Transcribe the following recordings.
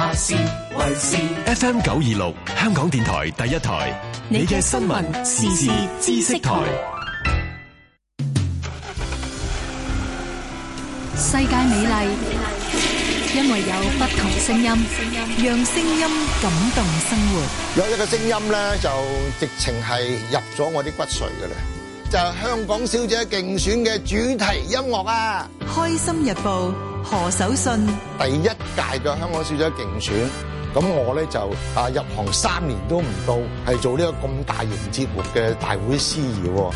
下是衛視 FM 九二六，香港電台第一台，你嘅新聞時事知識台。世界美麗，因為有不同聲音，讓聲音感動生活。有一個聲音咧，就直情係入咗我啲骨髓噶啦，就係香港小姐競選嘅主題音樂啊，《開心日報》。何守信第一屆嘅香港小姐競選，咁我咧就啊入行三年都唔到，係做呢個咁大型節目嘅大會司儀，咁啊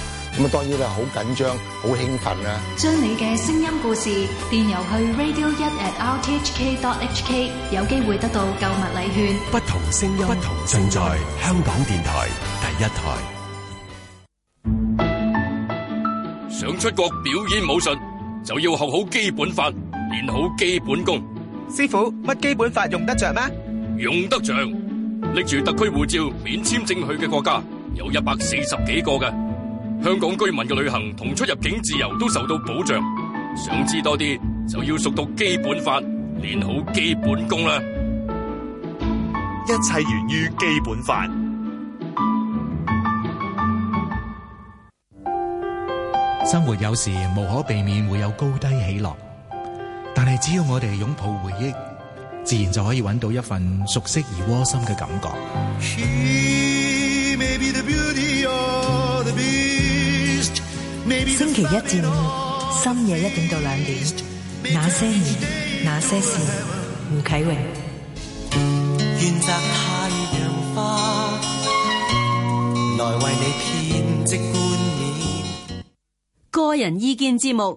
當然咧好緊張，好興奮啊！將你嘅聲音故事電郵去 radio1@rthk.hk，有機會得到購物禮券。不同聲音，不同存在。香港電台第一台，想出國表演武術就要學好基本法。練好基本功，師傅，乜基本法用得着咩？用得着，拎住特區護照免簽證去嘅國家有一百四十幾個嘅，香港居民嘅旅行同出入境自由都受到保障。想知多啲，就要熟讀基本法，練好基本功啦。一切源於基本法。生活有時無可避免會有高低起落。但係只要我哋擁抱回憶，自然就可以揾到一份熟悉而窩心嘅感覺。Be beast, 星期一至五深夜一點到兩點，那 Maybe 些年那 today 些事，吳啟榮。個人意見節目。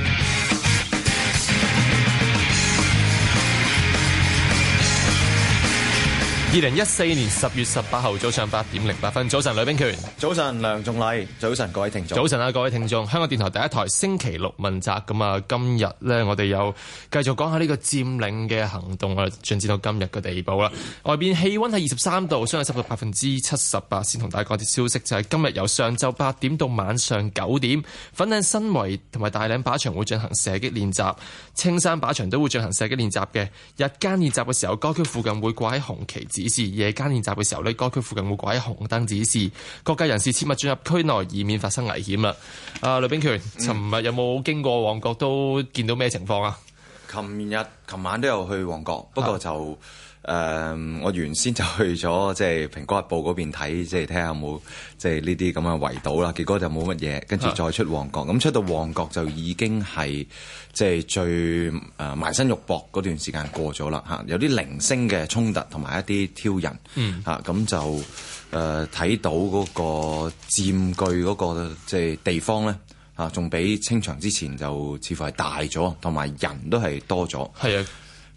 二零一四年十月十八號早上八點零八分，早晨，呂秉權，早，早晨梁仲禮，早晨各位聽眾，早晨啊各位聽眾，香港電台第一台星期六問責咁啊，今日咧我哋又繼續講下呢個佔領嘅行動啊，進展到今日嘅地步啦。外邊氣溫係二十三度，相對濕度百分之七十八。先同大家講啲消息，就係、是、今日由上晝八點到晚上九點，粉嶺新圍同埋大嶺靶，靶場會進行射擊練習，青山靶場都會進行射擊練習嘅。日間練習嘅時候，該區附近會掛喺紅旗指示夜間練習嘅時候呢該區附近會掛起紅燈指示，各界人士切勿進入區內，以免發生危險啊，阿、呃、呂秉權，尋日有冇經過旺角都見到咩情況啊？嗯、琴日、琴晚都有去旺角，不過就。誒，uh, 我原先去就去咗即係蘋果日報嗰邊睇，即係睇下有冇即係呢啲咁嘅圍堵啦。結果就冇乜嘢，跟住再出旺角。咁、啊、出到旺角就已經係即係最誒、埋、呃、身肉搏嗰段時間過咗啦吓。有啲零星嘅衝突同埋一啲挑釁吓，咁、嗯啊、就誒睇、呃、到嗰個佔據嗰、那個即係、就是、地方咧吓，仲、啊、比清場之前就似乎係大咗，同埋人都係多咗。係啊。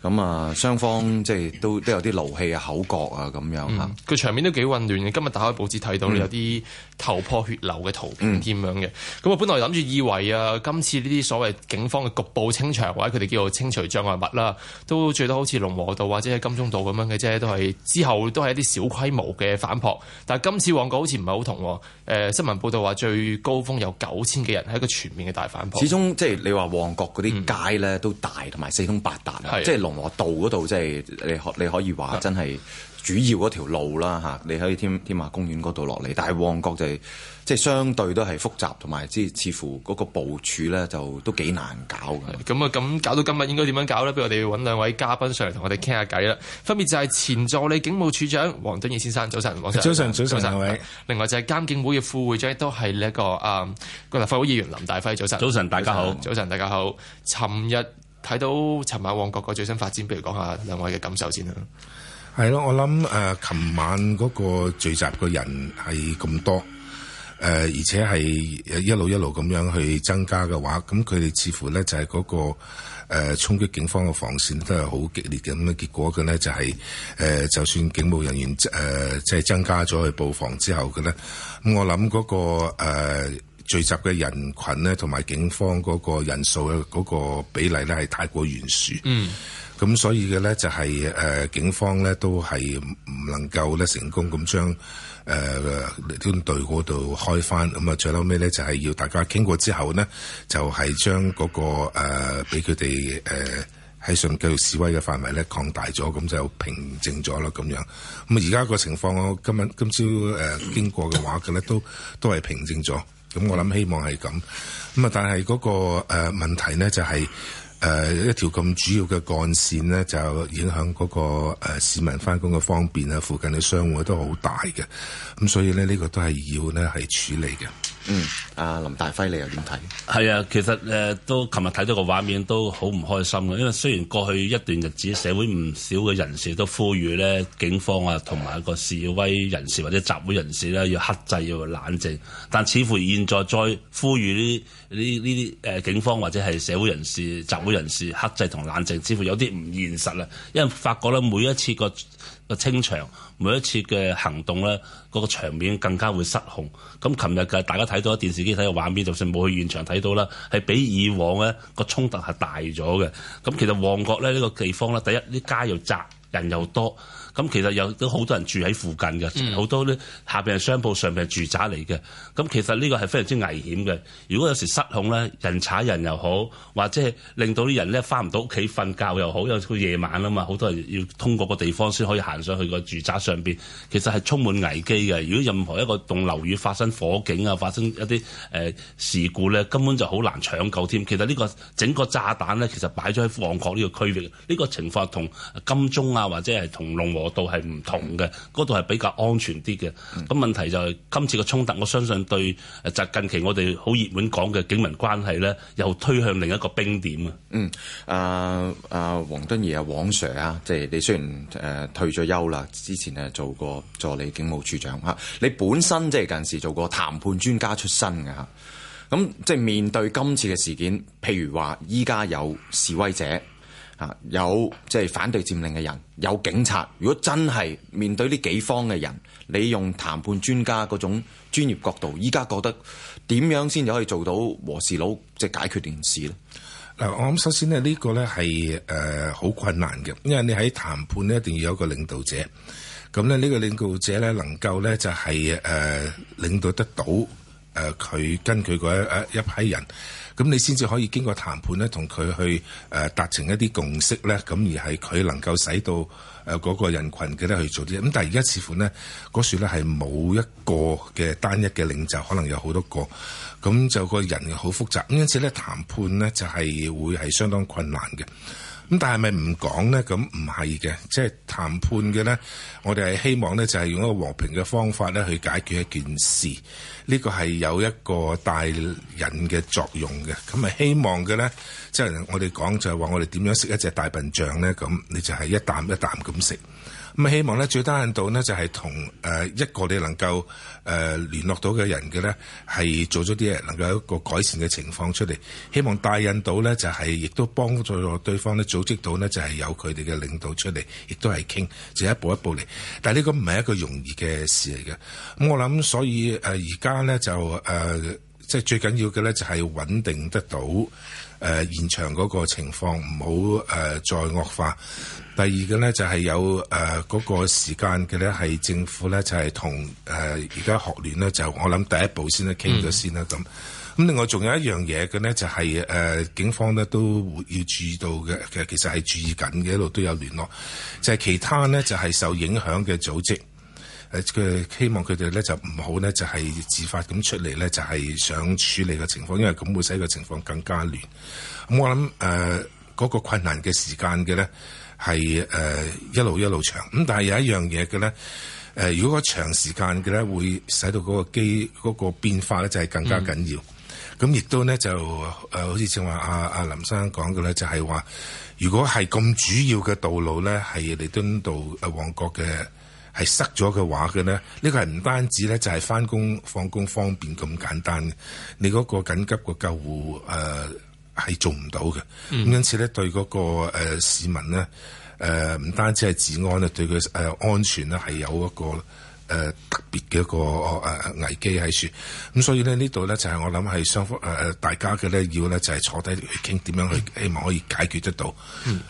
咁啊，雙方即係都都有啲勞氣啊、口角啊咁樣吓。佢、嗯、場面都幾混亂嘅，今日打開報紙睇到有啲。嗯頭破血流嘅圖片咁樣嘅，咁我本來諗住以為啊，今次呢啲所謂警方嘅局部清場或者佢哋叫做清除障礙物啦，都最多好似龍和道或者喺金鐘道咁樣嘅啫，都係之後都係一啲小規模嘅反撲。但係今次旺角好似唔係好同，誒、呃、新聞報道話最高峰有九千幾人喺一個全面嘅大反撲。始終即係你話旺角嗰啲街咧、嗯、都大同埋四通八達啊，即係的龍和道嗰度即係你可你可以話真係。主要嗰條路啦嚇，你喺以添馬公園嗰度落嚟，但係旺角就係即係相對都係複雜，同埋即係似乎嗰個部署咧就都幾難搞嘅。咁啊，咁搞到今日應該點樣搞咧？不如我哋揾兩位嘉賓上嚟同我哋傾下偈啦。分別就係前助理警務處長黃敦義先生，早晨，早晨，早晨，兩位。另外就係監警會嘅副會長，都係呢一個啊，個立法會議員林大輝，早晨，早晨，大家好，早晨，大家好。尋日睇到尋晚旺角個最新發展，不如講下兩位嘅感受先啦。係咯，我諗誒，琴、呃、晚嗰個聚集嘅人係咁多，誒、呃，而且係一路一路咁樣去增加嘅話，咁佢哋似乎咧就係、是、嗰、那個誒衝擊警方嘅防線都係好激烈嘅，咁啊結果嘅咧就係、是、誒、呃，就算警務人員誒即係增加咗去布防之後嘅咧，咁我諗嗰、那個誒。呃聚集嘅人群咧，同埋警方嗰個人數嘅嗰個比例咧，係太過懸殊。嗯，咁所以嘅咧就係誒警方咧都係唔能夠咧成功咁將誒隊伍嗰度開翻。咁啊，最後尾咧就係要大家傾過之後呢，就係將嗰個誒俾佢哋誒喺上繼續示威嘅範圍咧擴大咗，咁就平靜咗啦咁樣咁而家個情況，我今日今朝誒經過嘅話，嘅咧，都都係平靜咗。咁我諗希望係咁，咁啊但係嗰、那個誒、呃、問題咧就係、是、誒、呃、一條咁主要嘅幹線咧就影響嗰、那個誒、呃、市民返工嘅方便啊，附近嘅商戶都好大嘅，咁所以咧呢、這個都係要咧係處理嘅。嗯，阿、啊、林大輝，你又點睇？係啊，其實誒、呃，都琴日睇到個畫面都好唔開心啊。因為雖然過去一段日子，社會唔少嘅人士都呼籲咧，警方啊，同埋個示威人士或者集會人士咧，要克制，要冷靜。但似乎現在再呼籲呢呢呢啲誒警方或者係社會人士、集會人士克制同冷靜，似乎有啲唔現實啦。因為發覺咧，每一次個個清場。每一次嘅行動咧，嗰、那個場面更加會失控。咁琴日嘅大家睇到電視機睇嘅畫面，就算冇去現場睇到啦，係比以往咧個衝突係大咗嘅。咁其實旺角咧呢個地方咧，第一，啲街又窄，人又多。咁其實有都好多人住喺附近嘅，好多咧下邊係商鋪，上邊係住宅嚟嘅。咁其實呢個係非常之危險嘅。如果有時失控咧，人踩人又好，或者係令到啲人咧翻唔到屋企瞓覺又好，因為夜晚啊嘛，好多人要通過個地方先可以行上去個住宅上邊。其實係充滿危機嘅。如果任何一個棟樓宇發生火警啊，發生一啲誒事故咧，根本就好難搶救添。其實呢個整個炸彈咧，其實擺咗喺旺角呢個區域，呢個情況同金鐘啊，或者係同龍嗰度係唔同嘅，嗰度係比較安全啲嘅。咁問題就係今次嘅衝突，我相信對就近期我哋好熱門講嘅警民關係咧，又推向另一個冰點啊。嗯，阿阿黃敦義啊，黃 Sir 啊，即係你雖然誒、呃、退咗休啦，之前誒做過助理警務處長嚇，你本身即係近時做過談判專家出身嘅嚇。咁即係面對今次嘅事件，譬如話依家有示威者。啊！有即係反對佔領嘅人，有警察。如果真係面對呢幾方嘅人，你用談判專家嗰種專業角度，依家覺得點樣先至可以做到和事佬，即係解決件事咧？嗱，我諗首先咧，呢個咧係誒好困難嘅，因為你喺談判咧一定要有一個領導者。咁咧，呢個領導者咧能夠咧就係誒領導得到誒佢跟佢嗰一一批人。咁你先至可以經過談判咧，同佢去誒、呃、達成一啲共識咧，咁而係佢能夠使到誒嗰個人群記得去做啲嘢。咁但係而家似乎咧嗰時咧係冇一個嘅單一嘅領袖，可能有好多個，咁就個人好複雜，因此咧談判咧就係、是、會係相當困難嘅。咁但係咪唔講咧？咁唔係嘅，即係談判嘅咧，我哋係希望咧就係用一個和平嘅方法咧去解決一件事。呢個係有一個帶引嘅作用嘅，咁咪希望嘅咧，即係我哋講就係話我哋點樣食一隻大笨象咧，咁你就係一啖一啖咁食。咁希望咧，最低限度呢，就係同誒一個你能夠誒聯絡到嘅人嘅咧，係做咗啲嘢，能夠一個改善嘅情況出嚟。希望帶引到咧就係亦都幫助對方咧組織到呢，就係有佢哋嘅領導出嚟，亦都係傾，就係、一步一步嚟。但係呢個唔係一個容易嘅事嚟嘅。咁我諗，所以誒而家咧就誒、呃、即係最緊要嘅咧就係穩定得到誒、呃、現場嗰個情況，唔好誒再惡化。第二個咧就係、是、有誒嗰、呃那個時間嘅咧，係政府咧就係同誒而家學聯咧，就我諗第一步先咧傾咗先啦咁。咁、嗯、另外仲有一樣嘢嘅咧，就係、是、誒、呃、警方咧都會要注意到嘅，其實係注意緊嘅，一路都有聯絡。就係、是、其他呢，就係、是、受影響嘅組織誒、呃，希望佢哋咧就唔好呢，就係自發咁出嚟呢，就係、是就是、想處理嘅情況，因為咁會使個情況更加亂。咁、嗯、我諗誒嗰個困難嘅時間嘅咧。係誒、呃、一路一路長咁，但係有一樣嘢嘅咧，誒、呃、如果長時間嘅咧，會使到嗰個機嗰、那個變化咧、嗯，就係更加緊要。咁亦都咧就誒，好似正話阿阿林生講嘅咧，就係、是、話，如果係咁主要嘅道路咧，係彌敦道誒旺角嘅係塞咗嘅話嘅咧，呢、這個係唔單止咧，就係返工放工方便咁簡單，你嗰個緊急個救護誒。呃係做唔到嘅，咁、嗯、因此咧，對嗰個誒市民呢，誒唔單止係治安咧，對佢誒安全咧係有一個誒特別嘅一個誒危機喺處。咁、嗯、所以呢，呢度咧就係我諗係雙方誒大家嘅咧要咧就係坐低去傾點樣去，希望可以解決得到。嗯，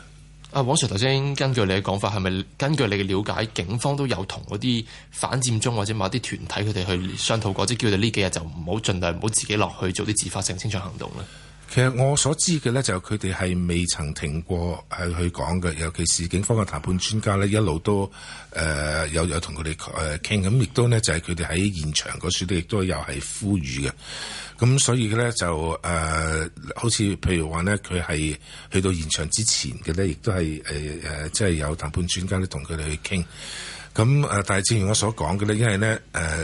阿、啊、黃 Sir 頭先根據你嘅講法，係咪根據你嘅了解，警方都有同嗰啲反佔中或者某啲團體佢哋去商討過，即叫佢哋呢幾日就唔好盡量唔好自己落去做啲自發性清場行動咧？其實我所知嘅咧，就佢哋係未曾停過係去講嘅，尤其是警方嘅談判專家咧，一路都誒、呃、有有同佢哋誒傾，咁、呃、亦都咧就係佢哋喺現場嗰處都亦都有係呼籲嘅。咁、嗯、所以咧就誒、呃，好似譬如話咧，佢係去到現場之前嘅咧，亦都係誒誒，即、呃、係、就是、有談判專家咧同佢哋去傾。咁、嗯、誒，但係正如我所講嘅咧，因為咧誒、呃，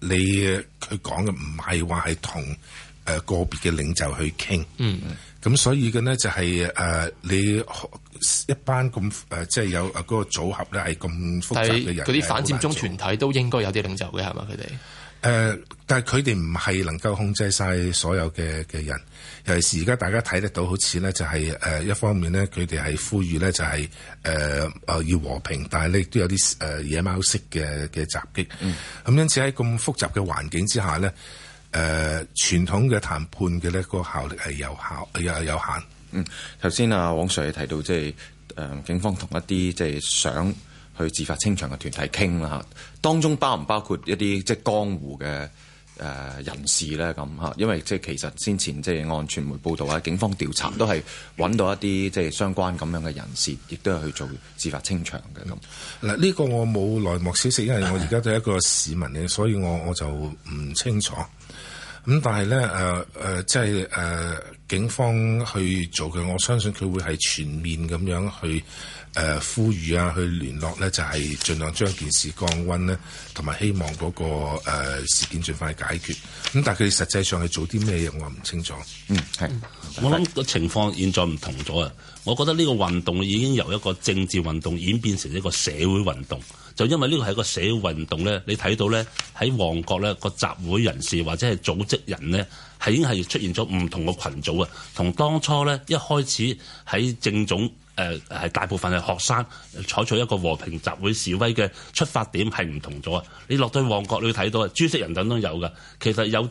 你佢講嘅唔係話係同。誒、呃、個別嘅領袖去傾，嗯，咁所以嘅呢就係、是、誒、呃、你一班咁誒，即、呃、係、就是、有啊嗰個組合咧係咁複雜嘅人，但啲反佔中團體都應該有啲領袖嘅係嘛？佢哋誒，但係佢哋唔係能夠控制晒所有嘅嘅人，尤其是而家大家睇得到好、就是，好似呢就係誒一方面呢，佢哋係呼籲呢就係誒啊要和平，但係你都有啲誒、呃、野貓式嘅嘅襲擊，嗯，咁因此喺咁複雜嘅環境之下呢。誒、呃、傳統嘅談判嘅呢、嗰個效力係有效又有，有限。嗯，頭先啊，黃 Sir 提到即係誒警方同一啲即係想去自發清場嘅團體傾啦嚇，當中包唔包括一啲即係江湖嘅誒人士咧咁嚇？因為即係其實先前即係按傳媒報道啊，警方調查都係揾到一啲即係相關咁樣嘅人士，亦都係去做自發清場嘅咁。嗱、啊、呢、嗯這個我冇內幕消息，因為我而家都係一個市民嘅， 所以我我就唔清楚。咁但係咧，誒、呃、誒，即係誒。警方去做嘅，我相信佢會係全面咁樣去誒、呃、呼籲啊，去聯絡咧，就係、是、盡量將件事降温咧，同埋希望嗰、那個誒、呃、事件盡快解決。咁但係佢實際上係做啲咩嘢，我唔清楚。嗯，係。我諗個情況現在唔同咗啊！我覺得呢個運動已經由一個政治運動演變成一個社會運動，就因為呢個係一個社會運動咧，你睇到咧喺旺角咧個集會人士或者係組織人咧。係已經係出現咗唔同嘅群組啊！同當初咧一開始喺政總誒係大部分嘅學生採取一個和平集會示威嘅出發點係唔同咗啊！你落到旺角你會睇到啊，諸色人等都有㗎。其實有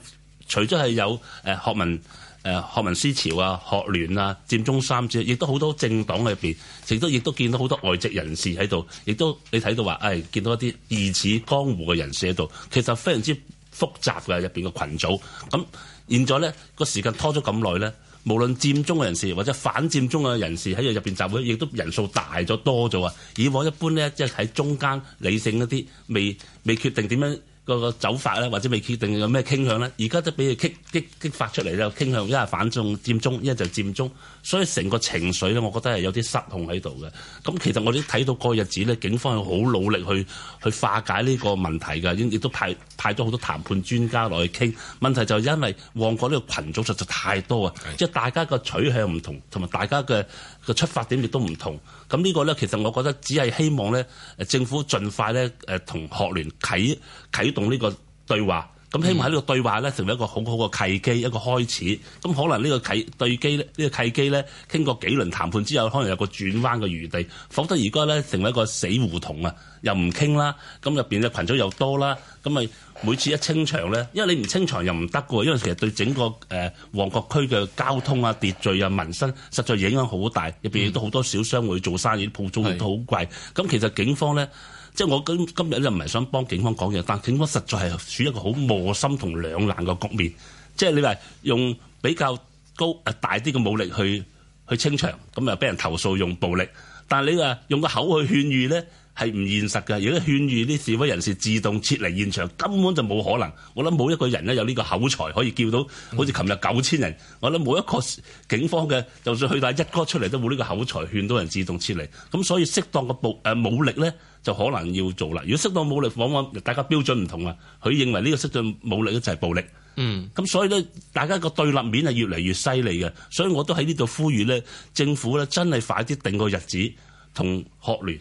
除咗係有誒、呃、學民誒、呃、學民思潮啊、學聯啊、佔中三子，亦都好多政黨裏邊，亦都亦都見到好多外籍人士喺度，亦都你睇到話誒、哎、見到一啲疑似江湖嘅人士喺度，其實非常之複雜嘅入邊嘅群組咁。現在咧個時間拖咗咁耐咧，無論佔中嘅人士或者反佔中嘅人士喺入入邊集會，亦都人數大咗多咗啊！以往一般咧即係喺中間理性嗰啲，未未決定點樣個走法咧，或者未決定有咩傾向咧，而家都俾佢激激激發出嚟啦，傾向一係反中佔中，一係就佔中。所以成個情緒咧，我覺得係有啲失控喺度嘅。咁其實我哋都睇到過日子咧，警方係好努力去去化解呢個問題，㗎。亦亦都派派咗好多談判專家落去傾問題，就係因為旺角呢個群組實在太多啊，的即係大家個取向唔同，同埋大家嘅嘅出發點亦都唔同。咁呢個咧，其實我覺得只係希望咧，誒政府盡快咧，誒同學聯啟啟動呢個對話。咁、嗯、希望喺呢個對話咧，成為一個好好嘅契機，一個開始。咁可能呢個契對機咧，呢個契機咧，傾、這個、過幾輪談判之後，可能有個轉彎嘅餘地。否則而家咧，成為一個死胡同啊，又唔傾啦。咁入邊嘅群組又多啦，咁咪每次一清場咧，因為你唔清場又唔得嘅喎，因為其實對整個誒、呃、旺角區嘅交通啊、秩序啊、民生，實在影響好大。入邊亦都好多小商會做生意，鋪租都好貴。咁是其實警方咧。即係我今今日咧唔係想幫警方講嘢，但警方實在係處於一個好磨心同兩難嘅局面。即係你話用比較高誒大啲嘅武力去去清場，咁又俾人投訴用暴力，但係你話用個口去勸喻咧？係唔現實㗎，如果勸喻啲示威人士自動撤離現場，根本就冇可能。我諗冇一個人咧有呢個口才可以叫到好似琴日九千人。嗯、我諗冇一個警方嘅，就算去到一哥出嚟，都冇呢個口才勸到人自動撤離。咁所以適當嘅暴誒武力咧，就可能要做啦。如果適當武力，往往大家標準唔同啊。佢認為呢個適當武力咧就係暴力。嗯，咁所以咧，大家個對立面係越嚟越犀利嘅。所以我都喺呢度呼籲咧，政府咧真係快啲定個日子同學聯。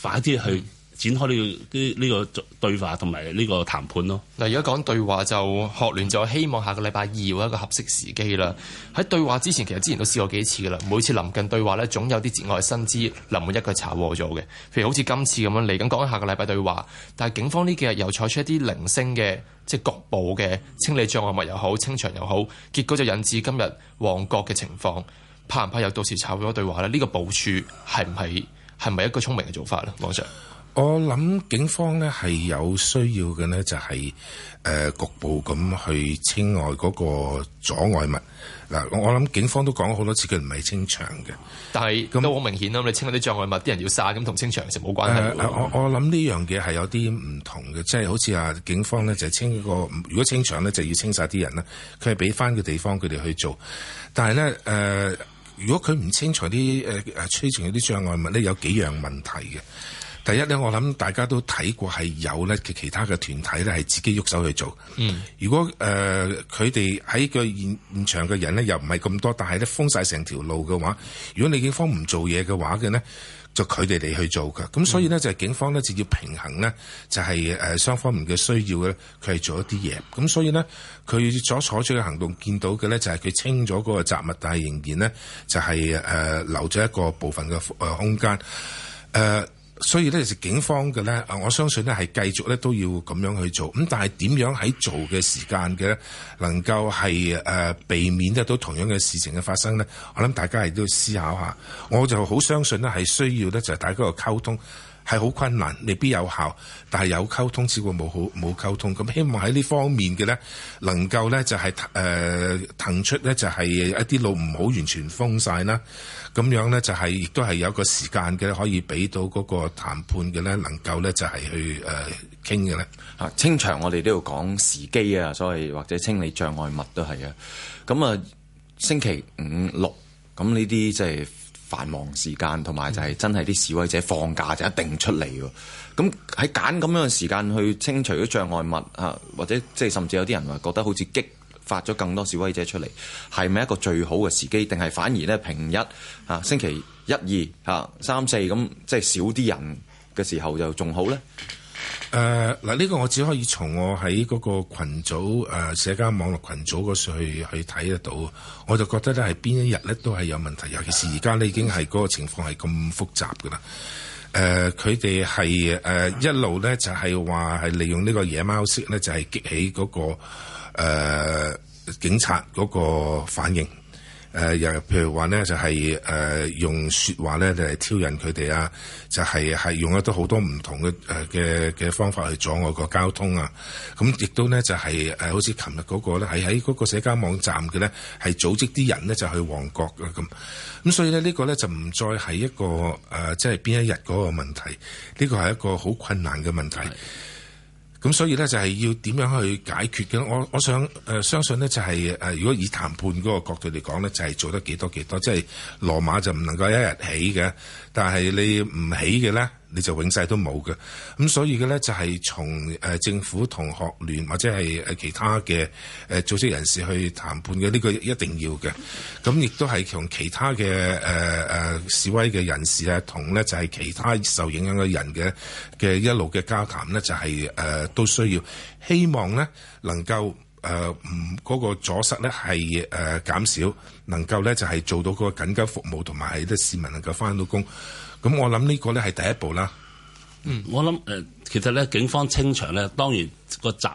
快啲去展開呢個啲呢個對話同埋呢個談判咯。嗱、嗯，如果講對話就學聯就希望下個禮拜二會一個合適時機啦。喺對話之前，其實之前都試過幾次噶啦。每次臨近對話咧，總有啲節外生枝臨門一腳查鑊咗嘅。譬如好似今次咁樣嚟緊講下個禮拜對話，但係警方呢幾日又採取一啲零星嘅即係局部嘅清理障礙物又好清場又好，結果就引致今日旺角嘅情況。怕唔怕又到時炒咗對話咧？呢、這個部署係唔係？係咪一個聰明嘅做法咧？黃 Sir，我諗警方咧係有需要嘅呢就係誒局部咁去清外嗰個阻礙物嗱。我我諗警方都講咗好多次，佢唔係清場嘅。但係咁都好明顯啦，你清嗰啲障礙物，啲人要殺咁同清場係冇關係。我我諗呢樣嘢係有啲唔同嘅，即係好似啊警方咧就清一個，如果清場咧就要清晒啲人啦，佢係俾翻個地方佢哋去做。但係咧誒。如果佢唔清楚啲誒誒催進啲障礙物咧，有幾樣問題嘅。第一咧，我諗大家都睇過係有咧其他嘅團體咧係自己喐手去做。嗯。如果誒佢哋喺個現現場嘅人咧又唔係咁多，但係咧封晒成條路嘅話，如果你警方唔做嘢嘅話嘅咧。就佢哋嚟去做嘅，咁所以咧、嗯、就係警方咧就要平衡咧，就係、是、誒、呃、雙方面嘅需要咧，佢係做一啲嘢，咁所以咧佢所採取嘅行動，見到嘅咧就係、是、佢清咗嗰個雜物，但係仍然咧就係、是、誒、呃、留咗一個部分嘅誒、呃、空間，誒、呃。所以咧，其實警方嘅咧，我相信咧係繼續咧都要咁樣去做。咁但係點樣喺做嘅時間嘅咧，能夠係誒、呃、避免得到同樣嘅事情嘅發生咧？我諗大家係都要思考下。我就好相信咧，係需要咧就係大家個溝通係好困難，未必有效，但係有溝通只會冇好冇溝通。咁希望喺呢方面嘅咧，能夠咧就係、是、誒、呃、騰出咧就係一啲路唔好完全封晒啦。咁樣呢，就係，就係亦都係有個時間嘅，可以俾到嗰個談判嘅呢，能夠呢，就係去誒傾嘅咧。啊，清場我哋都要講時機啊，所謂或者清理障礙物都係啊。咁啊，星期五六咁呢啲即係繁忙時間，同埋就係真係啲示威者放假就一定出嚟喎。咁喺揀咁樣嘅時間去清除啲障礙物啊，或者即係甚至有啲人話覺得好似激發咗更多示威者出嚟，係咪一個最好嘅時機？定係反而咧平日啊，星期一二啊、三四咁、嗯，即係少啲人嘅時候就仲好咧？誒嗱、呃，呢、這個我只可以從我喺嗰個群組誒、呃、社交網絡群組嗰上去睇得到，我就覺得咧係邊一日咧都係有問題，尤其是而家咧已經係嗰、那個情況係咁複雜噶啦。誒、呃，佢哋係誒一路咧就係話係利用呢個野貓式咧，就係、是、激起嗰、那個。誒、呃、警察嗰個反應，誒、呃、又譬如呢、就是呃、話咧就係誒用説話咧就係挑釁佢哋啊，就係、是、係用一多好多唔同嘅誒嘅嘅方法去阻礙個交通啊，咁、嗯、亦都咧就係、是、誒、呃、好似琴日嗰個咧係喺嗰個社交網站嘅咧係組織啲人咧就去旺角啊咁，咁、嗯、所以咧呢、這個咧就唔再係一個誒即係邊一日嗰個問題，呢個係一個好困難嘅問題。咁所以咧就係要點樣去解決嘅？我我想誒相信咧就係誒，如果以談判嗰個角度嚟講咧，就係做得幾多幾多，即係羅馬就唔能夠一日起嘅。但係你唔起嘅咧，你就永世都冇嘅。咁、嗯、所以嘅咧就係從誒政府同學聯或者係誒其他嘅誒、呃、組織人士去談判嘅呢、這個一定要嘅。咁、嗯、亦都係從其他嘅誒誒示威嘅人士啊，同咧就係、是、其他受影響嘅人嘅嘅一路嘅交談咧，就係、是、誒、呃、都需要希望咧能夠。誒唔嗰個阻塞咧係誒減少，能夠咧就係、是、做到嗰個緊急服務，同埋啲市民能夠返到工。咁我諗呢個咧係第一步啦。嗯，我諗誒、呃，其實咧警方清場咧，當然個集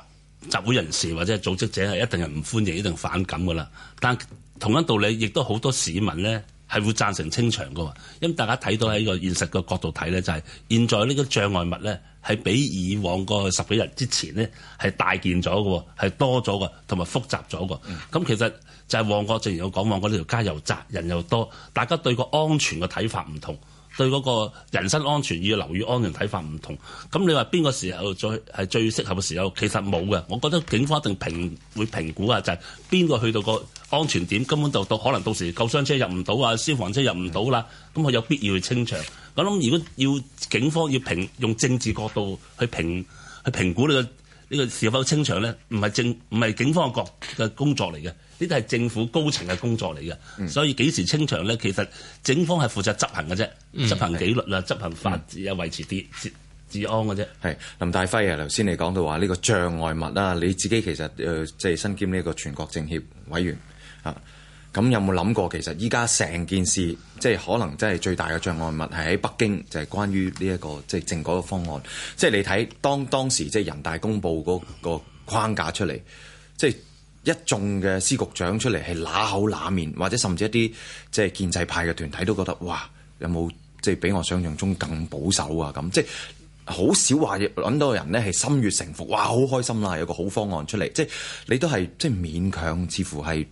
集會人士或者係組織者係一定係唔歡迎，一定反感㗎喇。但同一道理，亦都好多市民咧。係會贊成清場噶，因為大家睇到喺個現實個角度睇咧，就係、是、現在呢個障礙物咧係比以往個十幾日之前咧係大件咗嘅，係多咗嘅，同埋複雜咗嘅。咁、嗯、其實就係旺角正如我講，旺角呢條街又窄，人又多，大家對個安全嘅睇法唔同。對嗰個人身安全與樓宇安全睇法唔同，咁你話邊個時候最係最適合嘅時候？其實冇嘅，我覺得警方一定評會評估下，啊，就係邊個去到個安全點，根本就到可能到時救傷車入唔到啊，消防車入唔到啦，咁佢有必要去清場。咁諗如果要警方要評用政治角度去評去評估呢、呢個呢個是否清場咧，唔係政唔係警方嘅角嘅工作嚟嘅。呢啲係政府高層嘅工作嚟嘅，嗯、所以幾時清場咧？其實警方係負責執行嘅啫，嗯、執行紀律啊，執行法治啊，嗯、維持啲治安嘅啫。係林大輝啊，頭先你講到話呢、呢個障礙物啦、啊，你自己其實誒即係身兼呢一個全國政協委員啊，咁有冇諗過其實依家成件事即係、就是、可能真係最大嘅障礙物係喺北京，就係、是、關於呢、呢、一個即係、就是、政改嘅方案。即、就、係、是、你睇當當時即係人大公布嗰、嗰個框架出嚟，即、就、係、是。一眾嘅司局長出嚟係乸口乸面，或者甚至一啲即係建制派嘅團體都覺得哇，有冇即係比我想像中更保守啊？咁即係好少話揾到人呢係心悅誠服，哇！好開心啦，有個好方案出嚟，即係你都係即係勉強，似乎係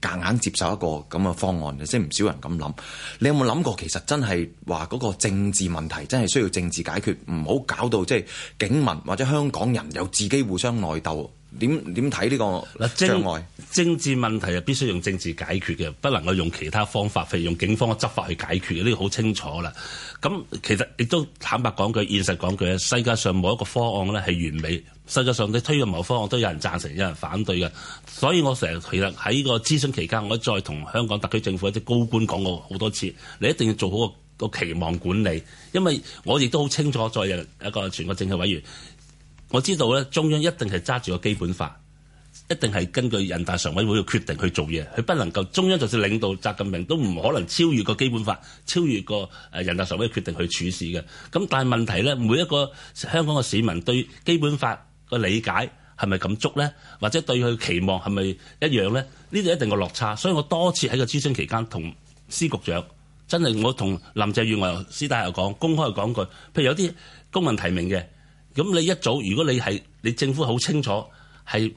夾硬接受一個咁嘅方案。即係唔少人咁諗。你有冇諗過其實真係話嗰個政治問題真係需要政治解決，唔好搞到即係警民或者香港人有自己互相內鬥。點點睇,呢個障礙？政治問題係必須用政治解決嘅，不能夠用其他方法，或者用警方嘅執法去解決嘅，呢個好清楚啦。咁其實亦都坦白講句，現實講句，世界上冇一個方案咧係完美。世界上你推嘅任何方案都有人贊成，有人反對嘅。所以我成日其實喺個諮詢期間，我再同香港特區政府一啲高官講過好多次，你一定要做好個期望管理，因為我亦都好清楚，作為一個全國政協委員。我知道咧，中央一定係揸住個基本法，一定係根據人大常委會嘅決定去做嘢，佢不能夠，中央就算領導習近平都唔可能超越個基本法，超越個誒人大常委會嘅決定去處事嘅。咁但係問題呢，每一個香港嘅市民對基本法嘅理解係咪咁足呢？或者對佢期望係咪一樣呢？呢度一定嘅落差。所以我多次喺個諮詢期間同司局長，真係我同林鄭月娥司大又講，公開講句，譬如有啲公民提名嘅。咁你一早，如果你係你政府好清楚係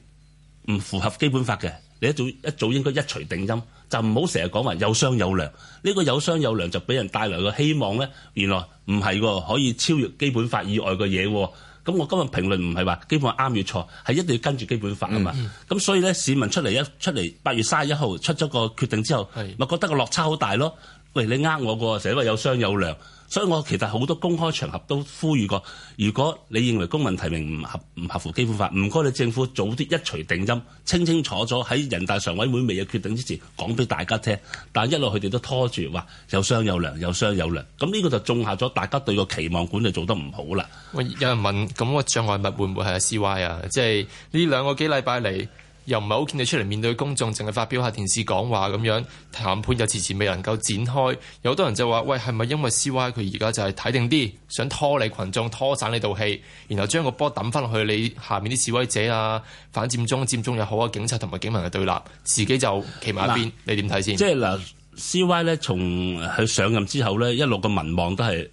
唔符合基本法嘅，你一早一早應該一錘定音，就唔好成日講話有商有量。呢個有商有量就俾人帶來個希望咧。原來唔係喎，可以超越基本法以外嘅嘢喎。咁我今日評論唔係話基本啱與錯，係一定要跟住基本法啊嘛。咁、嗯、所以咧，市民出嚟一出嚟八月三十一號出咗個決定之後，咪是覺得個落差好大咯。喂，你呃我喎，成日話有商有量。所以我其實好多公開場合都呼籲過，如果你認為公民提名唔合唔合乎基本法，唔該你政府早啲一錘定音，清清楚楚喺人大常委會未有決定之前講俾大家聽。但係一路佢哋都拖住，話有商有量，有商有量。咁呢個就種下咗大家對個期望管理做得唔好啦。喂，有人問咁嗰個障礙物會唔會係 CY 啊？即係呢兩個幾禮拜嚟。又唔係好見你出嚟面對公眾，淨係發表下電視講話咁樣。談判又遲遲未能夠展開，有好多人就話：喂，係咪因為 C Y 佢而家就係睇定啲，想拖你群眾，拖散你套戲，然後將個波抌翻落去你下面啲示威者啊、反佔中、佔中又好啊、警察同埋警民嘅對立，自己就企埋一邊。嗯、你點睇先？即係嗱，C Y 咧，從佢上任之後呢，一路嘅民望都係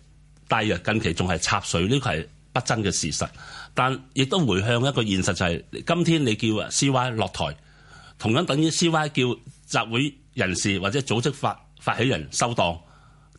低，呀，近期仲係插水，呢個係不爭嘅事實。但亦都回向一個現實，就係、是、今天你叫啊 C.Y. 落台，同樣等於 C.Y. 叫集會人士或者組織發發起人收檔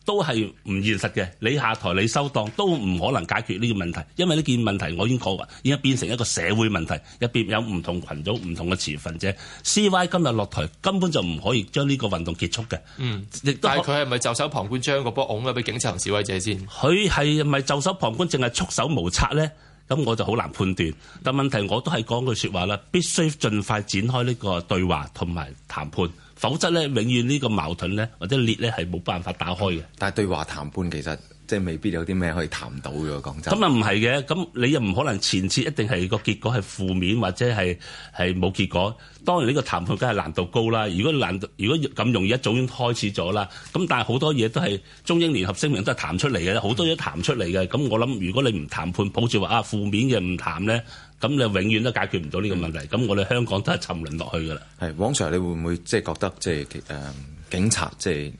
都係唔現實嘅。你下台你收檔都唔可能解決呢個問題，因為呢件問題我已經講話，已經變成一個社會問題，入邊有唔同群組唔同嘅持份者。C.Y. 今日落台根本就唔可以將呢個運動結束嘅。嗯，亦都係佢係咪袖手旁觀將個波拱咗俾警察同示威者先？佢係咪袖手旁觀淨係束手無策咧？咁我就好難判斷，但問題我都係講句説話啦，必須盡快展開呢個對話同埋談判，否則咧永遠呢個矛盾咧或者裂咧係冇辦法打開嘅。但係對話談判其實。即係未必有啲咩可以談到嘅喎，講真。咁又唔係嘅，咁你又唔可能前次一定係個結果係負面或者係係冇結果。當然呢個談判梗係難度高啦。如果難度，如果咁容易一早已經開始咗啦，咁但係好多嘢都係中英聯合聲明都係談出嚟嘅，好、嗯、多嘢都談出嚟嘅。咁我諗如果你唔談判，抱住話啊負面嘅唔談咧，咁你永遠都解決唔到呢個問題。咁、嗯、我哋香港都係沉淪落去㗎啦。係，黃 Sir 你會唔會即係覺得即係誒、嗯、警察即係？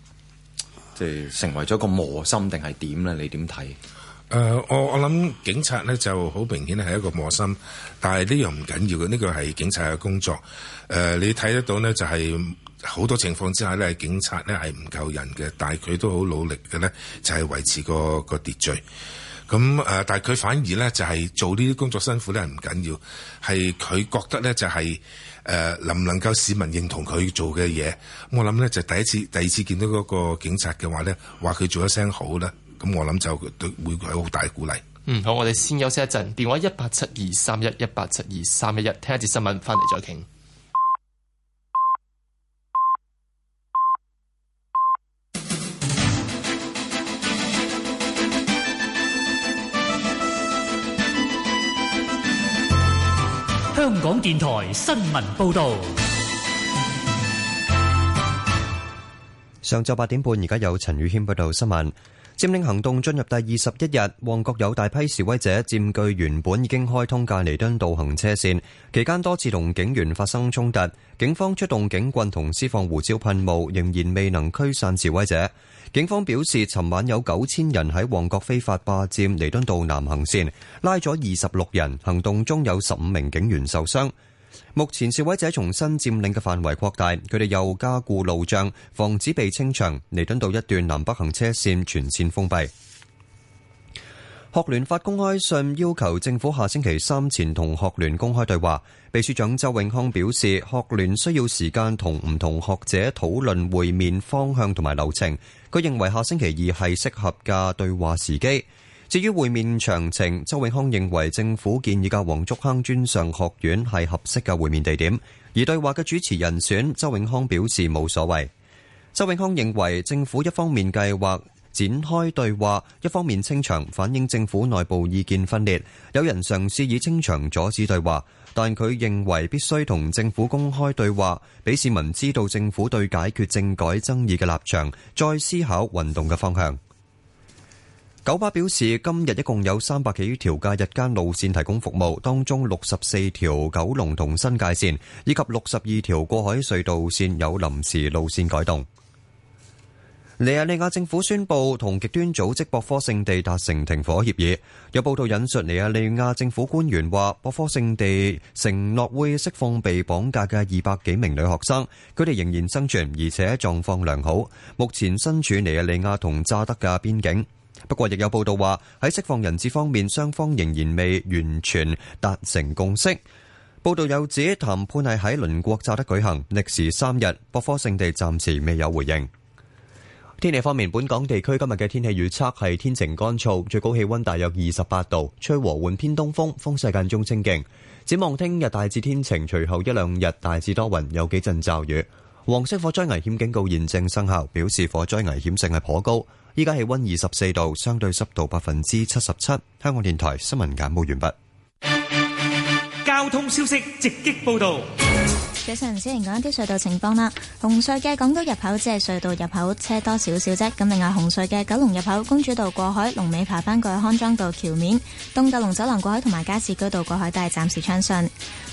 即係成為咗個磨心定係點咧？你點睇？誒、呃，我我諗警察咧就好明顯係一個磨心，但係呢樣唔緊要嘅，呢個係警察嘅工作。誒、呃，你睇得到咧，就係、是、好多情況之下咧，警察咧係唔夠人嘅，但係佢都好努力嘅咧，就係、是、維持個個秩序。咁誒，但係佢反而咧就係做呢啲工作辛苦咧唔緊要，係佢覺得咧就係誒能唔能夠市民認同佢做嘅嘢。咁我諗咧就第一次、第二次見到嗰個警察嘅話咧，話佢做一聲好啦，咁我諗就對佢會有好大鼓勵。嗯，好，我哋先休息一陣，電話一八七二三一一八七二三一一，聽一節新聞，翻嚟再傾。香港電台新聞報道。上晝八點半，而家有陳宇謙報道新聞。佔領行動進入第二十一日，旺角有大批示威者佔據原本已經開通嘅彌敦道行車線，期間多次同警員發生衝突，警方出動警棍同施放胡椒噴霧，仍然未能驅散示威者。警方表示，尋晚有九千人喺旺角非法霸佔彌敦道南行線，拉咗二十六人，行動中有十五名警員受傷。目前示威者重新佔領嘅範圍擴大，佢哋又加固路障，防止被清場。彌敦道一段南北行車線全綫封閉。學聯發公開信要求政府下星期三前同學聯公開對話。秘書長周永康表示，學聯需要時間同唔同學者討論會面方向同埋流程。佢認為下星期二係適合嘅對話時機。至於會面詳情，周永康認為政府建議嘅黃竹坑專上學院係合適嘅會面地點。而對話嘅主持人選，周永康表示冇所謂。周永康認為政府一方面計劃展開對話，一方面清場，反映政府內部意見分裂。有人嘗試以清場阻止對話，但佢認為必須同政府公開對話，俾市民知道政府對解決政改爭議嘅立場，再思考運動嘅方向。九巴表示，今日一共有三百幾條假日間路線提供服務，當中六十四條九龍同新界線，以及六十二條過海隧道線有臨時路線改動。尼日利亞政府宣布同極端組織博科聖地達成停火協議。有報道引述尼日利亞政府官員話，博科聖地承諾會釋放被綁架嘅二百幾名女學生，佢哋仍然生存，而且狀況良好，目前身處尼日利亞同乍得嘅邊境。不過，亦有報道話喺釋放人質方面，雙方仍然未完全達成共識。報道又指談判係喺鄰國乍得舉行，歷時三日。博科聖地暫時未有回應。天氣方面，本港地區今日嘅天氣預測係天晴乾燥，最高氣溫大約二十八度，吹和緩偏東風，風勢間中清勁。展望聽日大致天晴，隨後一兩日大致多雲，有幾陣驟雨。黃色火災危險警告現正生效，表示火災危險性係頗高。依家氣溫二十四度，相對濕度百分之七十七。香港電台新聞簡報完畢。交通消息直擊報道。主持人先嚟講一啲隧道情況啦。紅隧嘅港島入口即係隧道入口車多少少啫。咁另外紅隧嘅九龍入口、公主道過海、龍尾爬翻過去康莊道橋面、東九龍走廊過海同埋加士居道過海都係暫時暢順。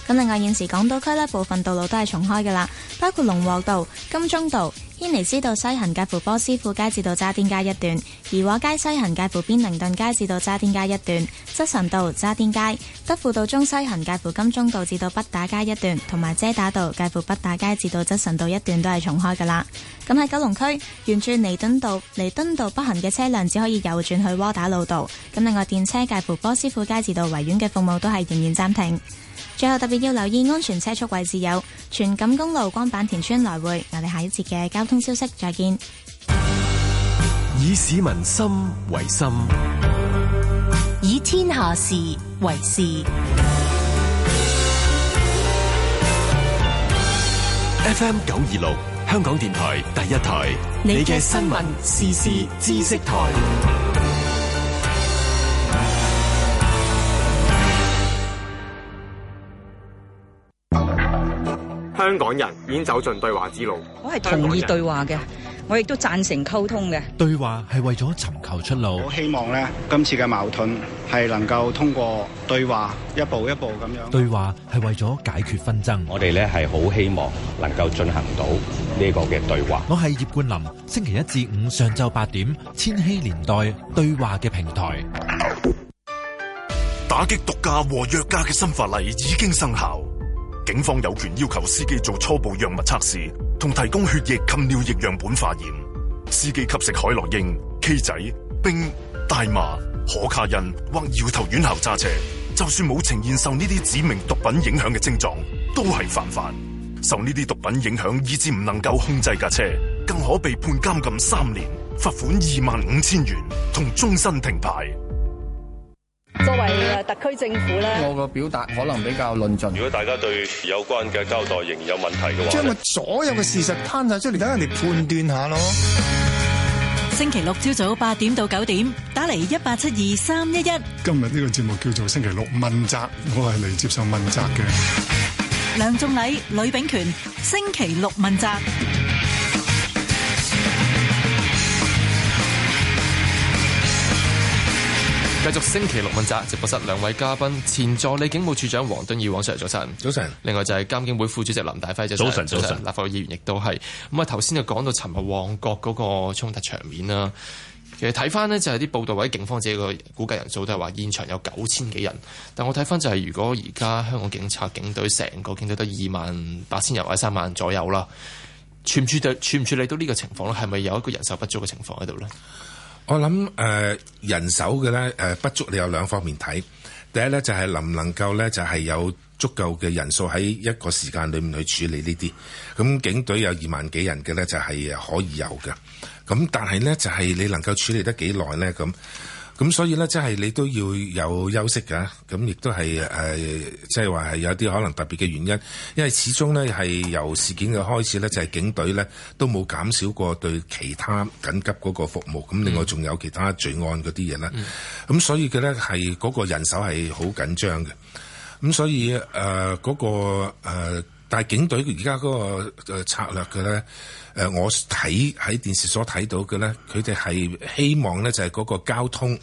咁另外，現時港島區呢部分道路都係重開嘅啦，包括龍和道、金鐘道、軒尼詩道西行介乎波斯富街至到渣甸街一段，怡和街西行介乎邊寧頓街至到渣甸街一段，則臣道渣甸街、德輔道中西行介乎金鐘道至到北打街一段，同埋遮打道介乎北打街至到則臣道一段都係重開嘅啦。咁喺九龍區，沿住彌敦道、彌敦道北行嘅車輛只可以右轉去窩打路道。咁另外，電車介乎波斯富街至到維園嘅服務都係仍然暫停。最後特別要留意安全車速位置，有荃錦公路光板田村來回。我哋下一節嘅交通消息再見。以市民心為心，以天下事為事。F M 九二六香港電台第一台，你嘅新聞時事知識台。香港人已經走進對話之路。我係同意對話嘅，我亦都贊成溝通嘅。對話係為咗尋求出路。我希望咧，今次嘅矛盾係能夠通過對話一步一步咁樣。對話係為咗解決紛爭，我哋咧係好希望能夠進行到呢個嘅對話。我係葉冠霖，星期一至五上晝八點千禧年代對話嘅平台。打擊毒駕和藥駕嘅新法例已經生效。警方有權要求司機做初步藥物測試，同提供血液及尿液樣本化驗。司機吸食海洛因、K 仔、冰、大麻、可卡因或搖頭丸後揸車，就算冇呈現受呢啲指明毒品影響嘅症狀，都係犯法。受呢啲毒品影響，以致唔能夠控制架車，更可被判監禁三年，罰款二萬五千元，同終身停牌。特區政府咧，我個表達可能比較論盡。如果大家對有關嘅交代仍然有問題嘅話，將咪所有嘅事實攤晒出嚟，等、嗯、人哋判斷下咯。星期六朝早八點到九點，打嚟一八七二三一一。今日呢個節目叫做星期六問責，我係嚟接受問責嘅。梁仲禮、呂秉權，星期六問責。繼續星期六問責直播室，兩位嘉賓，前助理警務處長黃敦義，王 Sir 早晨。早晨。另外就係監警會副主席林大輝，早晨。早晨。立法會議員亦都係。咁啊，頭先就講到尋日旺角嗰個衝突場面啦。其實睇翻呢，就係啲報道或者警方自己個估計人數都係話，現場有九千幾人。但我睇翻就係，如果而家香港警察警隊成個警隊都二萬八千人或者三萬左右啦，處唔處理處唔處理到呢個情況咧？係咪有一個人手不足嘅情況喺度呢？我諗誒、呃，人手嘅咧誒不足，你有兩方面睇。第一咧就係、是、能唔能夠咧就係、是、有足夠嘅人數喺一個時間裏面去處理呢啲。咁、嗯、警隊有二萬幾人嘅咧就係、是、可以有嘅。咁、嗯、但係咧就係、是、你能夠處理得幾耐咧咁。嗯咁、嗯、所以咧，即係你都要有休息噶，咁亦都係誒、呃，即係話係有啲可能特別嘅原因，因為始終咧係由事件嘅開始咧，就係、是、警隊咧都冇減少過對其他緊急嗰個服務，咁另外仲有其他罪案嗰啲嘢啦，咁、嗯嗯、所以嘅咧係嗰個人手係好緊張嘅，咁所以誒嗰、呃那個誒、呃，但係警隊而家嗰個誒策略嘅咧，誒我睇喺電視所睇到嘅咧，佢哋係希望咧就係嗰個交通。